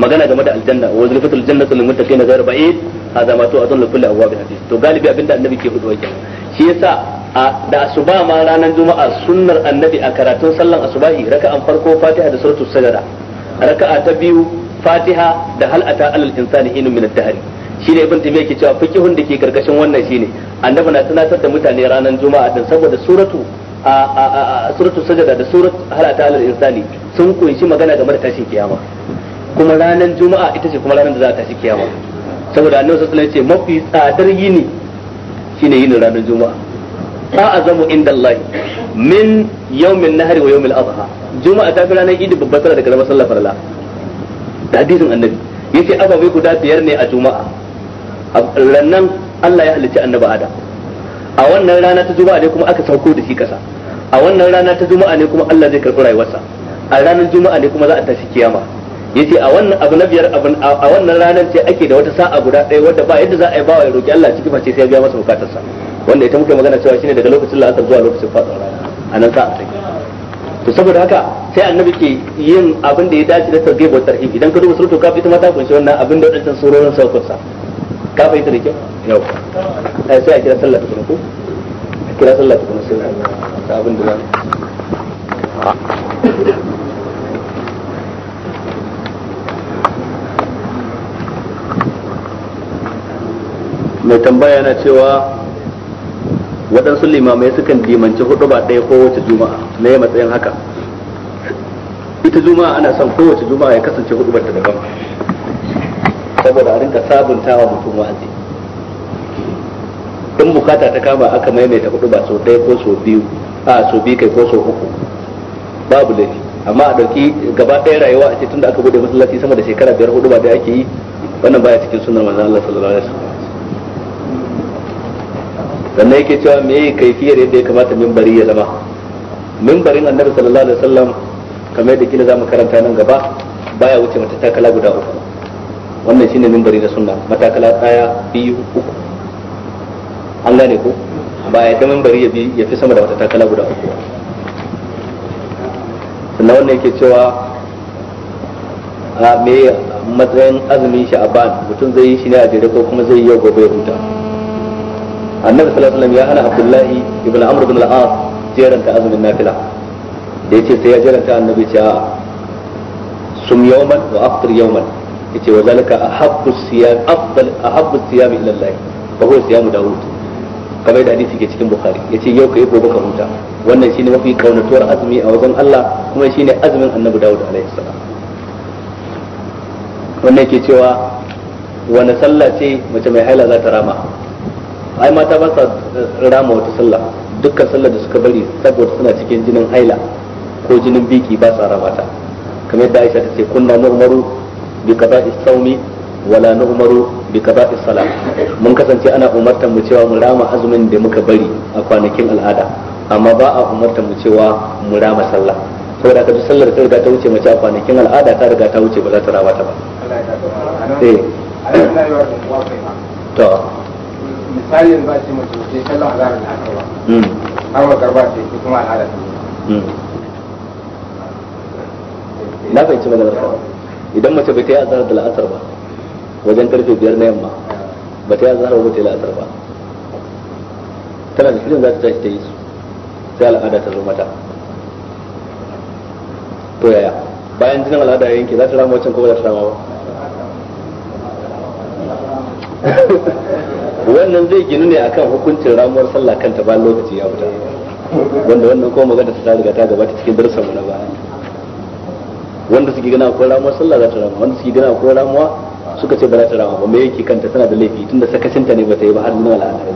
magana game da aljanna wa zulfatul jannatu lil muttaqin ghayr ba'id hadha ma tu'atun li kulli awwabin hadis to galibi abinda annabi ke hudu wajen shi yasa da asuba ma ranar juma'a sunnar annabi a karatun sallan asubahi raka'an farko fatiha da suratul sajada raka'a ta biyu fatiha da hal ata alal insani hinun min ad-dahr shi ne ibn tabiya ke cewa fiqhun da ke karkashin wannan shine annabi na tunatar da mutane ranar juma'a din saboda suratu a suratu sajada da surat halata alal insani sun kunshi magana game da tashin kiyama kuma ranar juma'a ita ce kuma ranar da za a tashi kiyama saboda annabi sallallahu alaihi wasallam ya ce mafi tsadar yini shine yini ranar juma'a ta azamu inda Allah min yawmin hari wa yawmil adha juma'a ta fi ranar idi babbar sallah da karamar sallah farla da hadisin annabi yace ababai guda biyar ne a juma'a rannan Allah ya halicci annabi Adam a wannan rana ta juma'a ne kuma aka sauko da shi kasa a wannan rana ta juma'a ne kuma Allah zai karɓi rayuwarsa a ranar juma'a ne kuma za a tashi kiyama yace a wannan abu na biyar a wannan ranar ce ake da wata sa'a guda ɗaya wadda ba yadda za a yi bawa ya roki Allah ciki face sai ya biya masa bukatarsa wanda ita muke magana cewa shine daga lokacin la'asar zuwa lokacin fadin rana a nan sa'a take to saboda haka sai annabi ke yin abin da ya dace da tarbiyyar wa idan ka duba suratul kafi ita ma ta kunshi wannan abin da wadannan surorin saukunsa ka fahimta da kyau yau eh, sai a kira sallah ta ko a kira sallah ta sai ta abin da za mai tambaya na cewa waɗansu limamai sukan dimanci hudu ba ɗaya kowace juma'a na yi matsayin haka ita juma'a ana son kowace juma'a ya kasance hudu ba ta daban saboda a rinka wa mutum wa'azi in bukata ta kama aka maimaita hudu ba sau ɗaya ko sau biyu a sau biyu kai ko sau uku babu laifi amma a ɗauki gaba ɗaya rayuwa a ce tunda aka bude masallaci sama da shekara biyar hudu ba da ake yi wannan baya cikin sunan manzon Allah sallallahu alaihi wasallam sannan yake cewa me kaifiyar yadda ya kamata minbari ya zama minbarin annabi sallallahu alaihi wasallam kamar yadda kila zamu karanta nan gaba baya wuce mata takala guda uku wannan shine mimbari da sunna matakala daya biyu uku an gane ko ba ya ta mimbari ya bi ya fi sama da wata takala guda uku sannan wannan yake cewa a me matsayin azumi shi a ban mutum zai yi shi ne a jere ko kuma zai yi yau gobe ya huta annabi sallallahu alaihi wasallam ya hana abdullahi ibn amr ibn al-as jeranta azumin nafila da yace sai ya jeranta annabi ce a sum yawman wa aftir yawman yace wa zalika ahabbu siyam afdal ahabbu siyam ila Allah fa huwa siyam Dawud kamar da hadisi ke cikin Bukhari yace yau kai gobe ka huta wannan shine mafi kaunatuwar azumi a wajen Allah kuma shine azumin Annabi Dawud alaihi salam wannan ke cewa wani sallah ce mace mai haila za ta rama ai mata ba sa rama wata sallah dukkan sallah da suka bari saboda suna cikin jinin haila ko jinin biki ba sa rama ta kamar yadda Aisha ta ce kunna murmuru. bi qada'i sawmi wala nu'maru bi qada'i salat mun kasance ana umartar mu cewa mu rama azumin da muka bari a kwanakin al'ada amma ba a umartar mu cewa mu rama sallah saboda ka duk sallar ta riga ta wuce mace a kwanakin al'ada ta riga ta wuce ba za ta rama ta ba
eh to misali ba ce mace ce sallar azhar da aka ba har ma garba ce kuma al'ada ta
na fahimci maganar ka idan mace bai ta yi azhar da la'asar ba wajen karfe biyar na yamma ba ta yi azhar ba ta yi la'asar ba tana da filin za ta tashi ta yi su sai al'ada ta zo mata to yaya bayan jinin al'ada ya yanke za ta rama wancan ko ba za ta rama ba
<laughs>
wannan zai ginu ne akan hukuncin ramuwar sallah kanta ba lokaci ya fita wanda wannan ko magana ta riga ta gabata cikin darsan mu na baya wanda suke gana akwai ramuwa sallah za ta rama wanda suke gana akwai ramuwa suka ce ba za ta ramuwa ba me yake kanta tana da laifi tunda sakacinta ne ba ta yi ba har nuna la'ana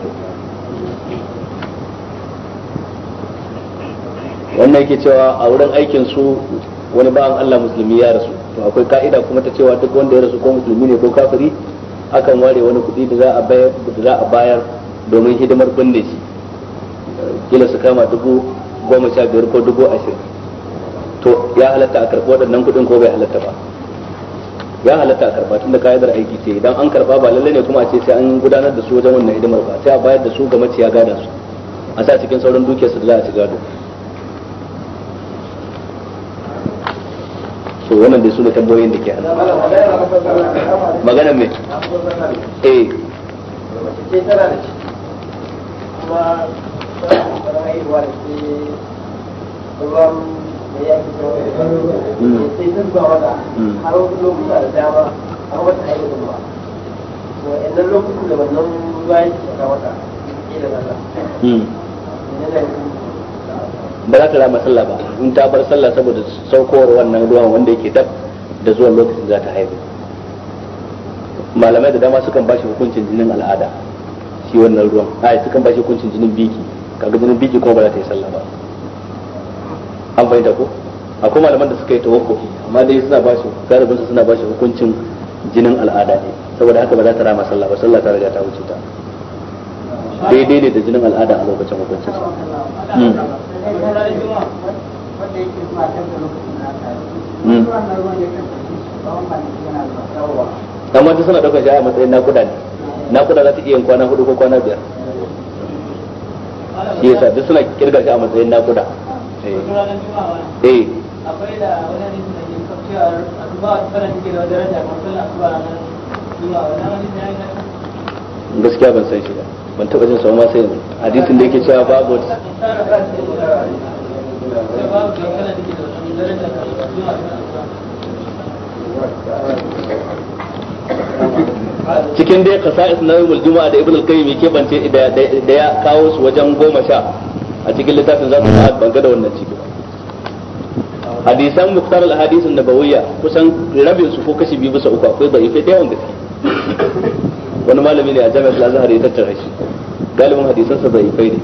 wannan yake cewa a wurin aikin su wani ba'an Allah musulmi ya rasu to akwai ka'ida kuma ta cewa duk wanda ya rasu ko musulmi ne ko kafiri akan ware wani kuɗi da za a bayar da za a bayar domin hidimar binne shi kila su kama dubu goma sha biyar ko dubu ashirin to ya halatta a karɓi waɗannan kuɗin ko bai halatta ba ya halatta a karɓa tunda ka'idar aiki ce idan an karɓa ba lallai ne kuma a ce sai an gudanar da su wajen wannan hidimar ba sai a bayar da su ga maciya gada su a sa cikin sauran dukiyarsu da za a ci gado so wannan dai su ne tambayoyin da ke hannu magana mai
eh kuma ta da a da da
ba za ta rama sallah ba in ta bar sallah saboda saukowar wannan ruwan wanda yake dab da zuwan lokacin za ta haihu malamai da dama sukan bashi hukuncin jinin al'ada shi wannan ruwan ai sukan bashi hukuncin jinin biki kaga jinin biki kuma ba za ta yi sallah ba an bai da ko akwai malaman da suka yi tawakkufi amma dai suna ba shi galibin suna ba shi hukuncin jinin al'ada ne saboda haka ba za ta rama sallah ba sallah ta riga ta wuce ta daidai ne da jinin al'ada a lokacin hukuncin sa
hmm. hmm.
amma duk suna ɗaukar shi a matsayin nakuda ne nakuda za ta iya kwana hudu ko kwana biyar shi yasa duk suna kirga shi a matsayin nakuda Eh. eh
akwai da wani da ke a da ke da daraja wani da ya
gaskiya ban san shi ba ban taɓa jin sai hadisin da yake cewa babu
wata cikin dai
kasa'is na juma'a da ibn al-qayyim yake bance da ya kawo su wajen goma sha a cikin littafin za su sa'ad ban ga da wannan ciki hadisan muktar al-hadisin nabawiyya kusan rabin su ko kashi biyu bisa uku akwai da'ifai da yawan gaske wani malami ne a jami'ar al-azhar ya tattara shi galibin hadisan sa da'ifai ne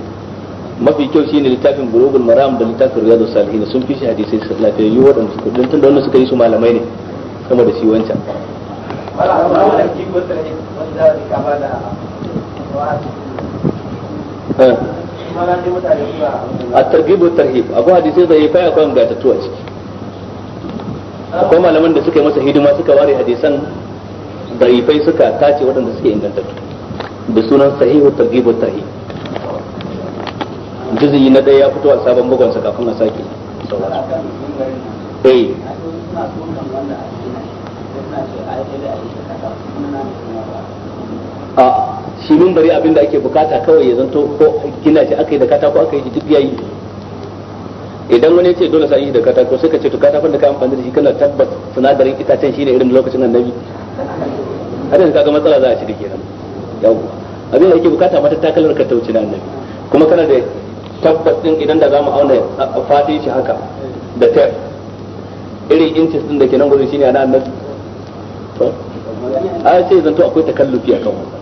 mafi kyau shine littafin bulugul maram da littafin riyadus salihin sun fi shi hadisai yi wadan su dun tunda wannan suka yi su malamai ne sama da shi wancan eh
A
targhib tarhib akwai hadisi da yafi akwai ingantattu a akwai malaman da suka yi masa hidima suka ware hadisan da ifai suka tace waɗanda suke ingantattu da sunan sahihu targhib tarhib juzuyi na ɗaya ya fito a sabon bugonsa kafin a sake eh a shi mimbari abinda ake bukata kawai ya zanto ko gina shi aka yi da katako aka yi duk yayi idan wani ce dole sai yi da katako sai ka ce to katakon da ka amfani da shi kana tabbas sinadarin itacen shine irin lokacin annabi har yanzu kaga matsala za a ci da kenan yawa abin da ake bukata mata takalar ka tauci nan annabi kuma kana da tabbas din idan da zamu auna fatin shi haka da tef irin inches din da ke nan gurin shine na annabi to a ce zanto akwai takallufi akan wannan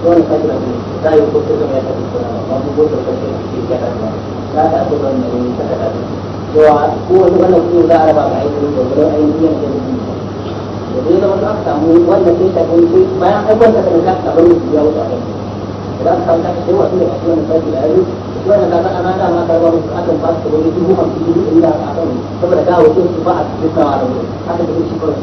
cewa ko wani wannan kuɗin za a raba ga aikin da wurin ainihin da da zai zama aka samu wanda sai ta kunce bayan abubuwan ta kan kasa bari su biya aiki da aka samu kasa sai wasu da kasu wani sarki da yanzu shi da kasa ana da ma karɓar musu akan ba su wani dubu hamsin dubu ɗari da aka samu saboda gawo su ba a cikin sawa da wuri aka da shi kawai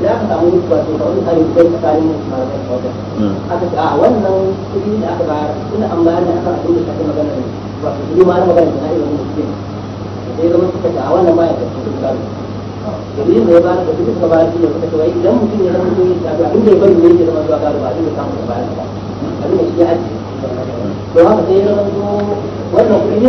za ka samu wato ka wani hari kai tsakanin malamai da wajen hmm. aka ce a wannan kuɗi da aka bayar suna an bayar da akan abin da shafi magana ne wato kuɗi ma na magana da hari wani mutum sai zama suka ce a wannan baya da kuɗi da dalilin da ya bayar da kuɗi suka bayar shi suka ce wai idan mutum ya zama kuɗi ya shafi abin da ya bari ne ya zama zuwa gado ba abin da samu da bayar ba abin da shi ya ajiye hmm. to haka sai ya zama wannan kuɗi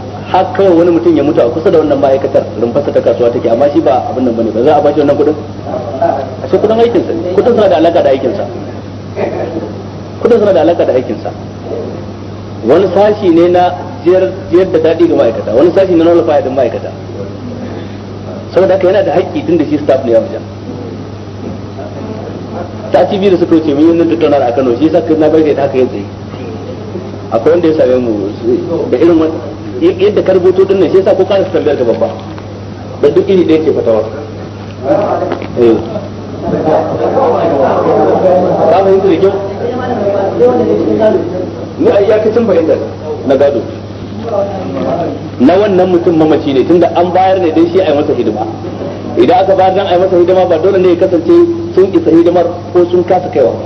har kawai wani mutum ya mutu a kusa da wannan ma'aikatar rumfasa ta kasuwa take amma shi ba abin nan bane ba za a bashi wannan kudin a sai kudin aikin sa kudin suna da alaka da aikin sa kudin suna da alaka da aikin sa wani sashi ne na jiyar da daɗi ga ma'aikata wani sashi ne na wani fa'idin ma'aikata saboda haka yana da haƙƙi tun da shi staff ne ya wajen ta ci biyu da suka wuce mun yi nan tattauna a Kano shi yasa na bai da haka yanzu akwai wanda ya same mu da irin wannan yadda ka rubuto din nan shi yasa ko ka rasa tambayar ka babba da duk iri ɗaya ce fatawa ka fahimta da kyau ni a na gado na wannan mutum mamaci ne tunda an bayar ne don shi a yi masa hidima idan aka bayar don a yi masa hidima ba dole ne ya kasance sun isa hidimar ko sun kasa kaiwa ba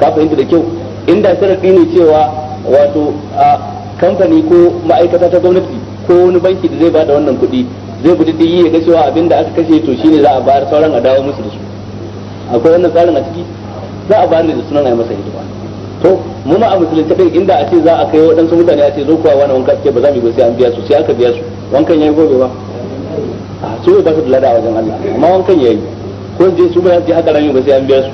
ka fahimta da kyau inda sharadi ne cewa wato a kamfani ko ma'aikata ta gwamnati ko wani banki da zai ba da wannan kuɗi zai bi yi ya ga cewa abin da aka kashe to shine za a bayar sauran a dawo musu da su akwai wannan tsarin a ciki za a bayar da sunan a yi masa hidima to mu ma a musulunci din inda a ce za a kai waɗansu mutane a ce zo kuwa wani wanka ba za mu yi sai an biya su sai aka biya su wankan yi gobe ba a su ba su da lada a wajen Allah amma wankan yi ko je su ba za su je haka ran ba sai an biya su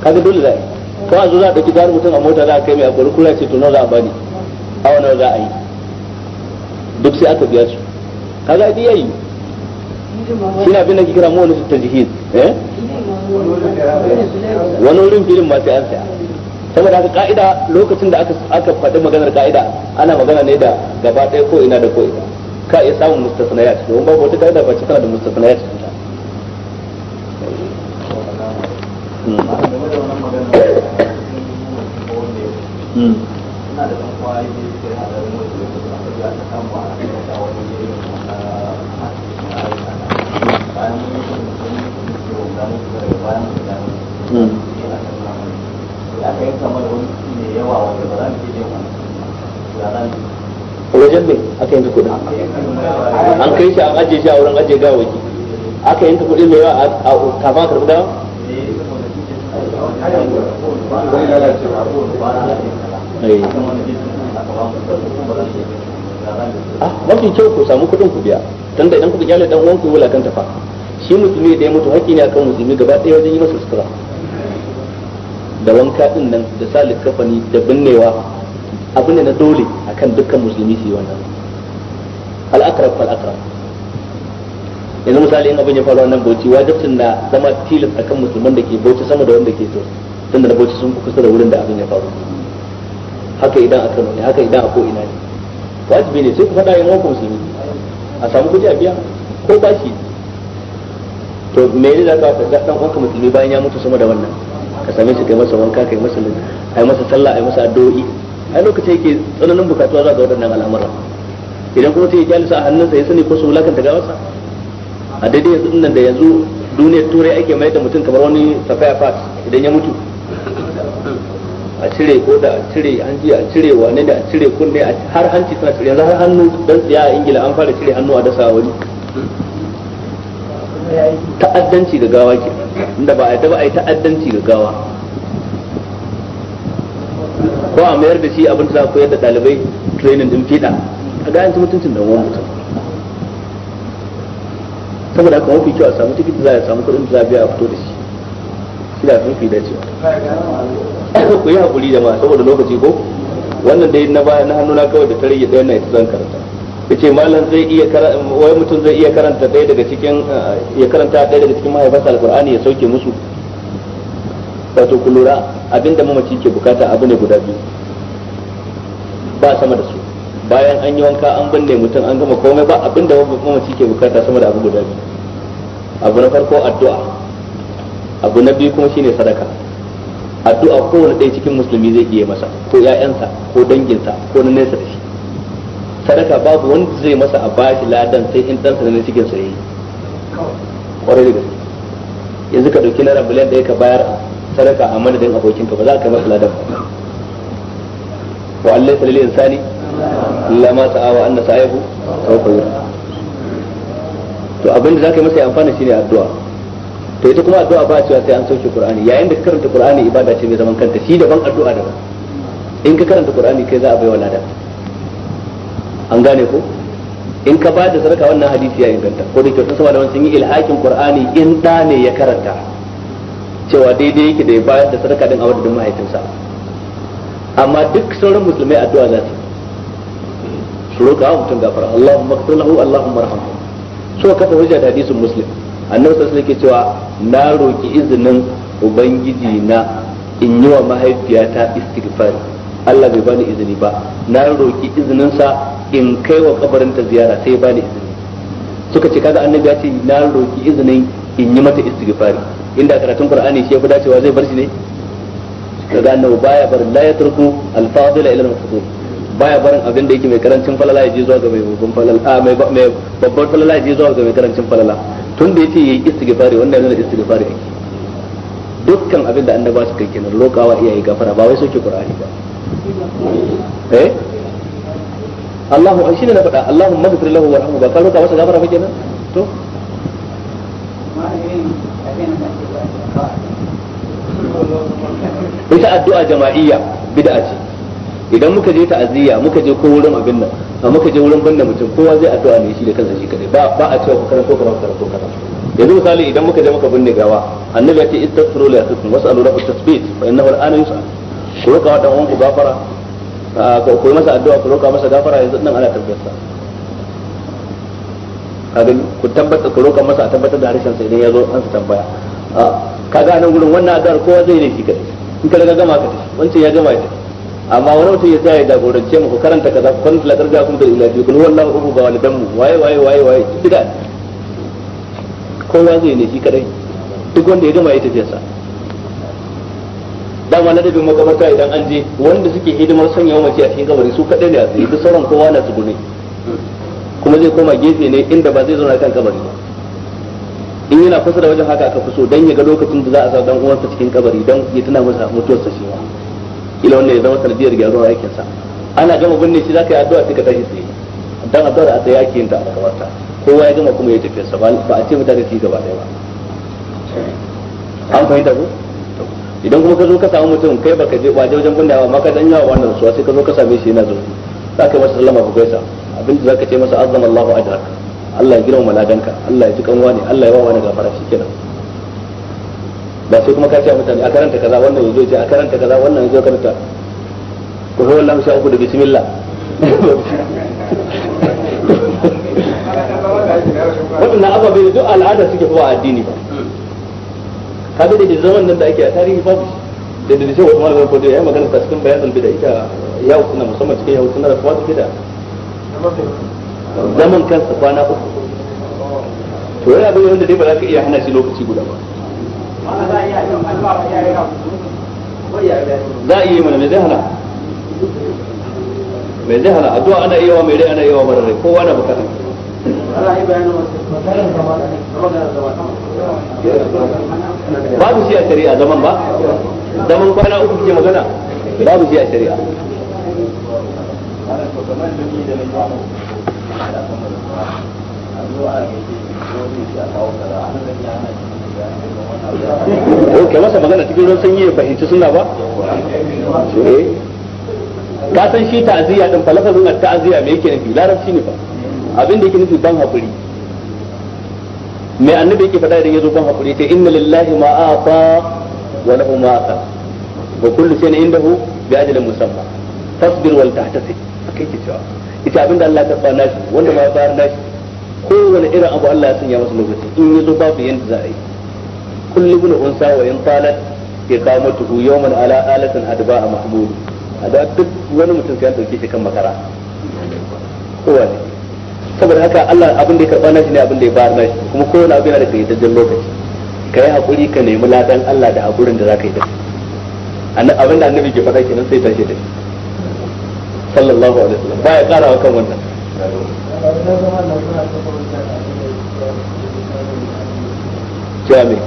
kaga dole za a yi ko a zo za a ɗauki gari mutum a mota za a kai mai akwai kula ce tunan za a bani a wani za a yi duk sai aka biya su kaga ai yayi shine abin da kira mawani su tajihid eh wani wurin filin masu sai an saya saboda haka ka'ida lokacin da aka aka faɗi maganar ka'ida ana magana ne da gaba ɗaya ko ina da ko ina ka iya samun mustasnayat domin babu wata ka'ida ba ce tana da mustasnayat yanka kuɗin an kai shi an ajiye shi a wurin ajiye gawaki aka yanka kuɗin mai yawa a kafa karɓi dawa eh. ah, mafi kyau ku samu kuɗin ku biya tun da idan kuka kyale dan uwan ku wulakanta fa shi musulmi da ya mutu haƙƙi ne akan musulmi gaba ɗaya wajen yi masa sutura da wanka ɗin nan da sa kafani da binnewa abu ne na dole akan dukkan musulmi su yi wannan al'akarar fal'akarar yanzu misali in abin ya faru wannan bauchi wajibcin na zama tilin akan musulman da ke bauchi sama da wanda ke to tunda da bauchi sun kusa da wurin da abin ya faru haka idan a Kano ne haka idan a ko ina ne wajibi ne sai ku faɗa yin wakon musulmi a samu kuɗi a biya ko bashi to me ne za ka ga dan wanka musulmi bayan ya mutu sama da wannan ka same shi kai masa wanka kai masa ai masa sallah ai masa addu'o'i ai lokacin yake tsananin bukatuwa za ga waɗannan al'amuran idan kuma sai ya kyalisa a hannunsa ya sani ko su wulakanta gawarsa a daidai yanzu nan da yanzu duniyar turai ake mai da mutum kamar wani safaya fat idan ya mutu a cire ko da a cire hanji a cire wane da a cire kunne har hanci suna cire yanzu har hannu dan tsiya a ingila an fara cire hannu a dasa wani ta'addanci ga gawa ke inda ba a yadda ba a yi ta'addanci ga gawa ko a mayar da shi abin da za a koyar da ɗalibai training din fiɗa a ga yanzu mutuncin da wani mutum saboda haka mafi kyau a samu tikiti za a samu kuɗin da za a biya a fito da shi shi da mafi
dacewa
ku yi haƙuri ma saboda lokaci ko wannan dai na baya na hannuna kawai da tarihi ɗaya na ita zan karanta ya ce malam zai iya wai mutum zai iya karanta ɗaya daga cikin ya karanta ɗaya daga cikin mahaifarsa alƙur'ani ya sauke musu wato ku lura abinda mamaci ke bukata abu ne guda biyu ba sama da su bayan an yi wanka an binne mutum an gama komai ba abinda mamaci ke bukata sama da abu guda biyu abu na farko addu'a abu na biyu kuma shine sadaka addu'a kowane ɗaya cikin musulmi zai iya masa ko ƴaƴansa ko danginsa ko na nesa da shi sadaka babu wanda zai masa a bashi ladan sai in ɗansa na cikin sa yayi kwarai da gaske yanzu ka ɗauki naira miliyan ɗaya ka bayar a sadaka a madadin abokinka ba za ka masa ladan ba wa allai salil Sani. illa ma sa'a wa anna sa'ihu sawfa yura to abinda zaka yi masa ya amfana shine addu'a to ita kuma addu'a ba cewa sai an sauke qur'ani yayin da ka karanta qur'ani ibada ce mai zaman kanta shi daban addu'a daban in ka karanta qur'ani kai za a baiwa lada an gane ko in ka ba da sadaka wannan hadisi ya inganta ko da ke sama da wancan yi ilhakin qur'ani in da ne ya karanta cewa daidai yake da ya bayar da sadaka din a wadadin mahaifinsa amma duk sauran musulmai addu'a za su su roƙa wa mutum gafara Allahumma ighfir lahu Allahumma arhamhu so kafa hujja da hadisin muslim annabi sallallahu alaihi cewa na roƙi izinin ubangiji na in yi wa mahaifiyata istighfar Allah bai bani izini ba na roƙi izinin sa in kai wa kabarinta ziyara sai bani izini suka ce kaga annabi ya ce na roƙi izinin in yi mata istighfar inda karatun qur'ani shi yafi dacewa zai bar shi ne kaga annabi baya bar la yatruku al-fadila ila al-mafdud baya barin abin da yake mai karancin falala ya je zuwa ga mai babban falala mai babban falala ya je zuwa ga mai karancin falala tun da yace yayi istighfari wannan yana istighfari yake dukkan abin da annaba kake kenan lokawa iyaye gafara ba wai soke qur'ani ba eh Allahu an shine na faɗa allahu maghfir lahu warhamhu ba ka roka masa gafara ba kenan to ita addu'a jama'iyya bid'a ce idan muka je ta'aziyya muka je ko wurin abin nan a muka je wurin banda mutum kowa zai addu'a ne shi da kansa shi kadai ba ba a cewa ku ko kaza ku karanto yanzu misali idan muka je muka binne gawa annabi ya ce istaghfiru li yatukum was'alu lahu at tasbih fa innahu al-ana yus'al ku roka wa dan uwanku gafara ah, ku masa addu'a ku roka masa gafara yanzu nan ana tabbata kaga ku tabbata ku roka masa a tabbatar da harshen sa idan ya zo an sa tambaya ah, kaga nan gurin wannan addu'ar kowa zai ne shi kadai in ka gama ka tafi wancan ya gama ya tafi amma wani mutum ya sa ya jagorance mu ku karanta kaza ku karanta lakar ga kun da biyu kun wallahu ubu ga walidan mu waye waye waye waye duka kowa zai ne shi kadai duk wanda ya gama ya tafi sa dama na dabin makabarta idan an je wanda suke hidimar sanya mace a cikin kabari su kadai ne a tsaye duk sauran kowa na su gune kuma zai koma gefe ne inda ba zai zauna kan kabari ba in yana kusa da wajen haka aka fi so dan ya ga lokacin da za a sa dan uwansa cikin kabari dan ya tuna masa mutuwarsa shi ma ila wannan ya zama sanadiyar gyaruwar aikin sa ana gama binne shi zaka yi addu'a sai ka tashi tsaye dan addu'a a tsaye yake yin ta a makabarta kowa ya gama kuma ya tafi sa ba a ce mutane su yi gaba ɗaya ba an fahimta ko idan kuma ka zo ka samu mutum kai baka je ba wajen binne ba maka dan yawa wannan suwa sai ka zo ka same shi yana zuwa zaka yi masa sallama ku gaisa abin da zaka ce masa azzam Allahu ajrak Allah ya girmama ladanka Allah ya ji kanwa ne Allah ya wawa ne gafara shikenan ba sai kuma ka ce mutane a karanta kaza wannan yanzu ce a karanta kaza wannan yanzu karanta ku ga wannan sha uku da bismillah wannan ababe da duk al'ada suke ba addini ba kaga da zaman nan da ake a tarihi babu da da shi wannan bin Fodi ya yi magana ta cikin bayanin bid'a ita ya na musamman cikin yahu sunna da fawatu bid'a zaman kansa kwana uku to yana bayyana da dai ba za ka iya hana shi lokaci
guda ba za a
iya mana mai zai hana mai zai hana addu'a ana iya wa mai rai ana iya wa mara rai kowa na bukatar
babu shi a shari'a zaman ba zaman kwana uku kuke magana babu shi a shari'a Thank you. Eh,
ke masa magana cikin ruwan sanyi ya fahimci suna ba eh. ka san shi ta'aziyya din falafazin ta'aziyya me yake nufi larabci ne ba. abin da yake nufi ban haƙuri. mai annabi yake faɗa idan ya zo ban haƙuri ta inna lillahi ma afa wa lahu ma aqa wa kullu shay'in indahu bi ajalin musamma tasbir wal tahtasib akai ke cewa ita abin da Allah ta tsana shi wanda ma ya bayar nashi kowane irin abu Allah ya sanya masa lokaci in ya zo babu yanda za a yi kullu ibn unsa wa in talat ke kawo tuhu yawman ala alatin adba a mahmud a da duk wani mutum sai ya dauke shi kan makara kowane saboda haka Allah abin da ya karba nashi ne abin da ya bayar nashi kuma kowane abu yana da kayyadajjen lokaci ka yi hakuri ka nemi ladan Allah da hakurin da za ka yi da abin da annabi ke faɗa kenan sai tashi da sallallahu alaihi wasallam baya karawa kan wannan
كامل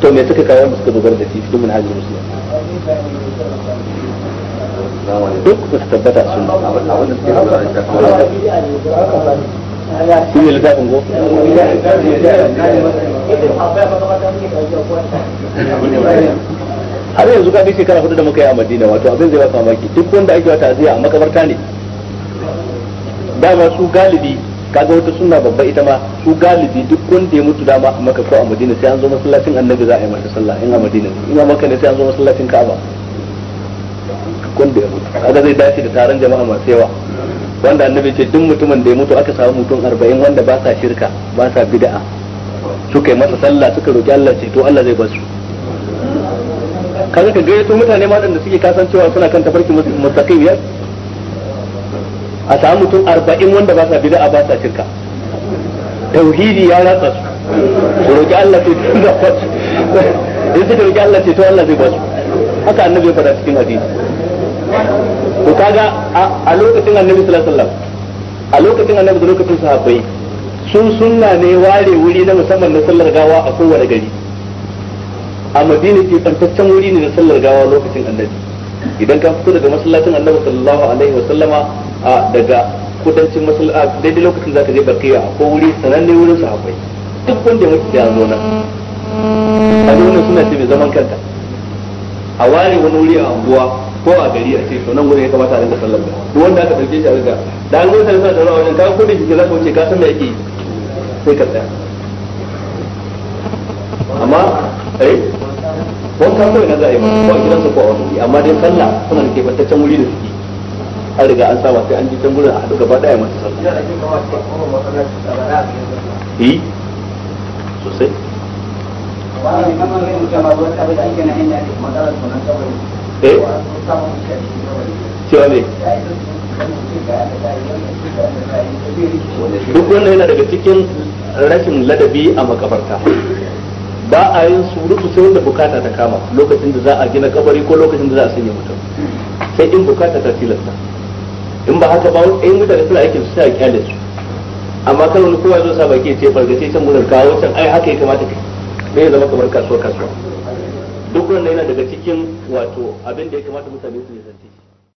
to me suka kawo suka dogara da shi shi domin hajji musulun duk ba su tabbata a sunna shi ne littafin go har yanzu ka dace kana hudu da muka yi a madina wato abin zai baka mamaki duk wanda ake wata ziya a makabarta ne dama su galibi kaga wata sunna babba ita ma su galibi duk wanda ya mutu dama a maka ko a madina sai an zo masallacin annabi za a yi masa sallah in a madina in a maka ne sai an zo masallacin ka'aba wanda ya mutu kaga zai dace da taron jama'a masu yawa wanda annabi ce duk mutumin da ya mutu aka samu mutum arba'in wanda ba sa shirka ba sa bid'a suka yi masa sallah suka roki Allah ce to Allah zai basu kaga ka gayyato mutane ma da suke kasancewa suna kan tafarki mustaqim ya a samu mutum arba'in wanda ba sa bid'a ba sa shirka tauhidi ya ratsa su roki Allah ce tun <laughs> da ba su in suka roki Allah ce to Allah zai ba su haka annabi ya faɗa cikin hadisi to kaga a lokacin annabi sallallahu alaihi wasallam a lokacin annabi da lokacin sahabbai sun sunna ne ware wuri na musamman na sallar gawa a kowane gari a madina ke tsantaccen wuri ne na sallar gawa lokacin annabi idan ka fito daga masallacin annabi sallallahu alaihi wa sallama a daga kudancin masallaci daidai lokacin zaka je bakiya ko wuri sananne wurin akwai duk wanda mutu ya zo nan
a
wannan suna ce mai zaman kanta a ware wani wuri a anguwa ko a gari a ce to nan wurin ya kamata a rinka sallar gawa duk wanda aka dauke shi a riga da an gwamnati suna da wajen ka kudin shi zaka wuce ka san me yake sai ka tsaya amma eh wanka kawai na za a yi ba ko a wani amma dai sallah suna da wuri da suke an riga an sai an ji can a haɗu gaba ɗaya masu sallah yi sosai cewa ne duk wannan yana daga cikin rashin ladabi a makabarta ba a yin surutu sai wanda bukata ta kama lokacin da za a gina kabari ko lokacin da za a sanya mutum sai in bukata ta tilasta in ba haka ba in mutane suna aikin su sai a kyale su amma kan wani kowa zo sa baki ce fargace can gudun kawo can ai haka ya kamata kai
me ya zama kamar kasuwa kasuwa duk wannan yana daga cikin wato abin da ya kamata mutane su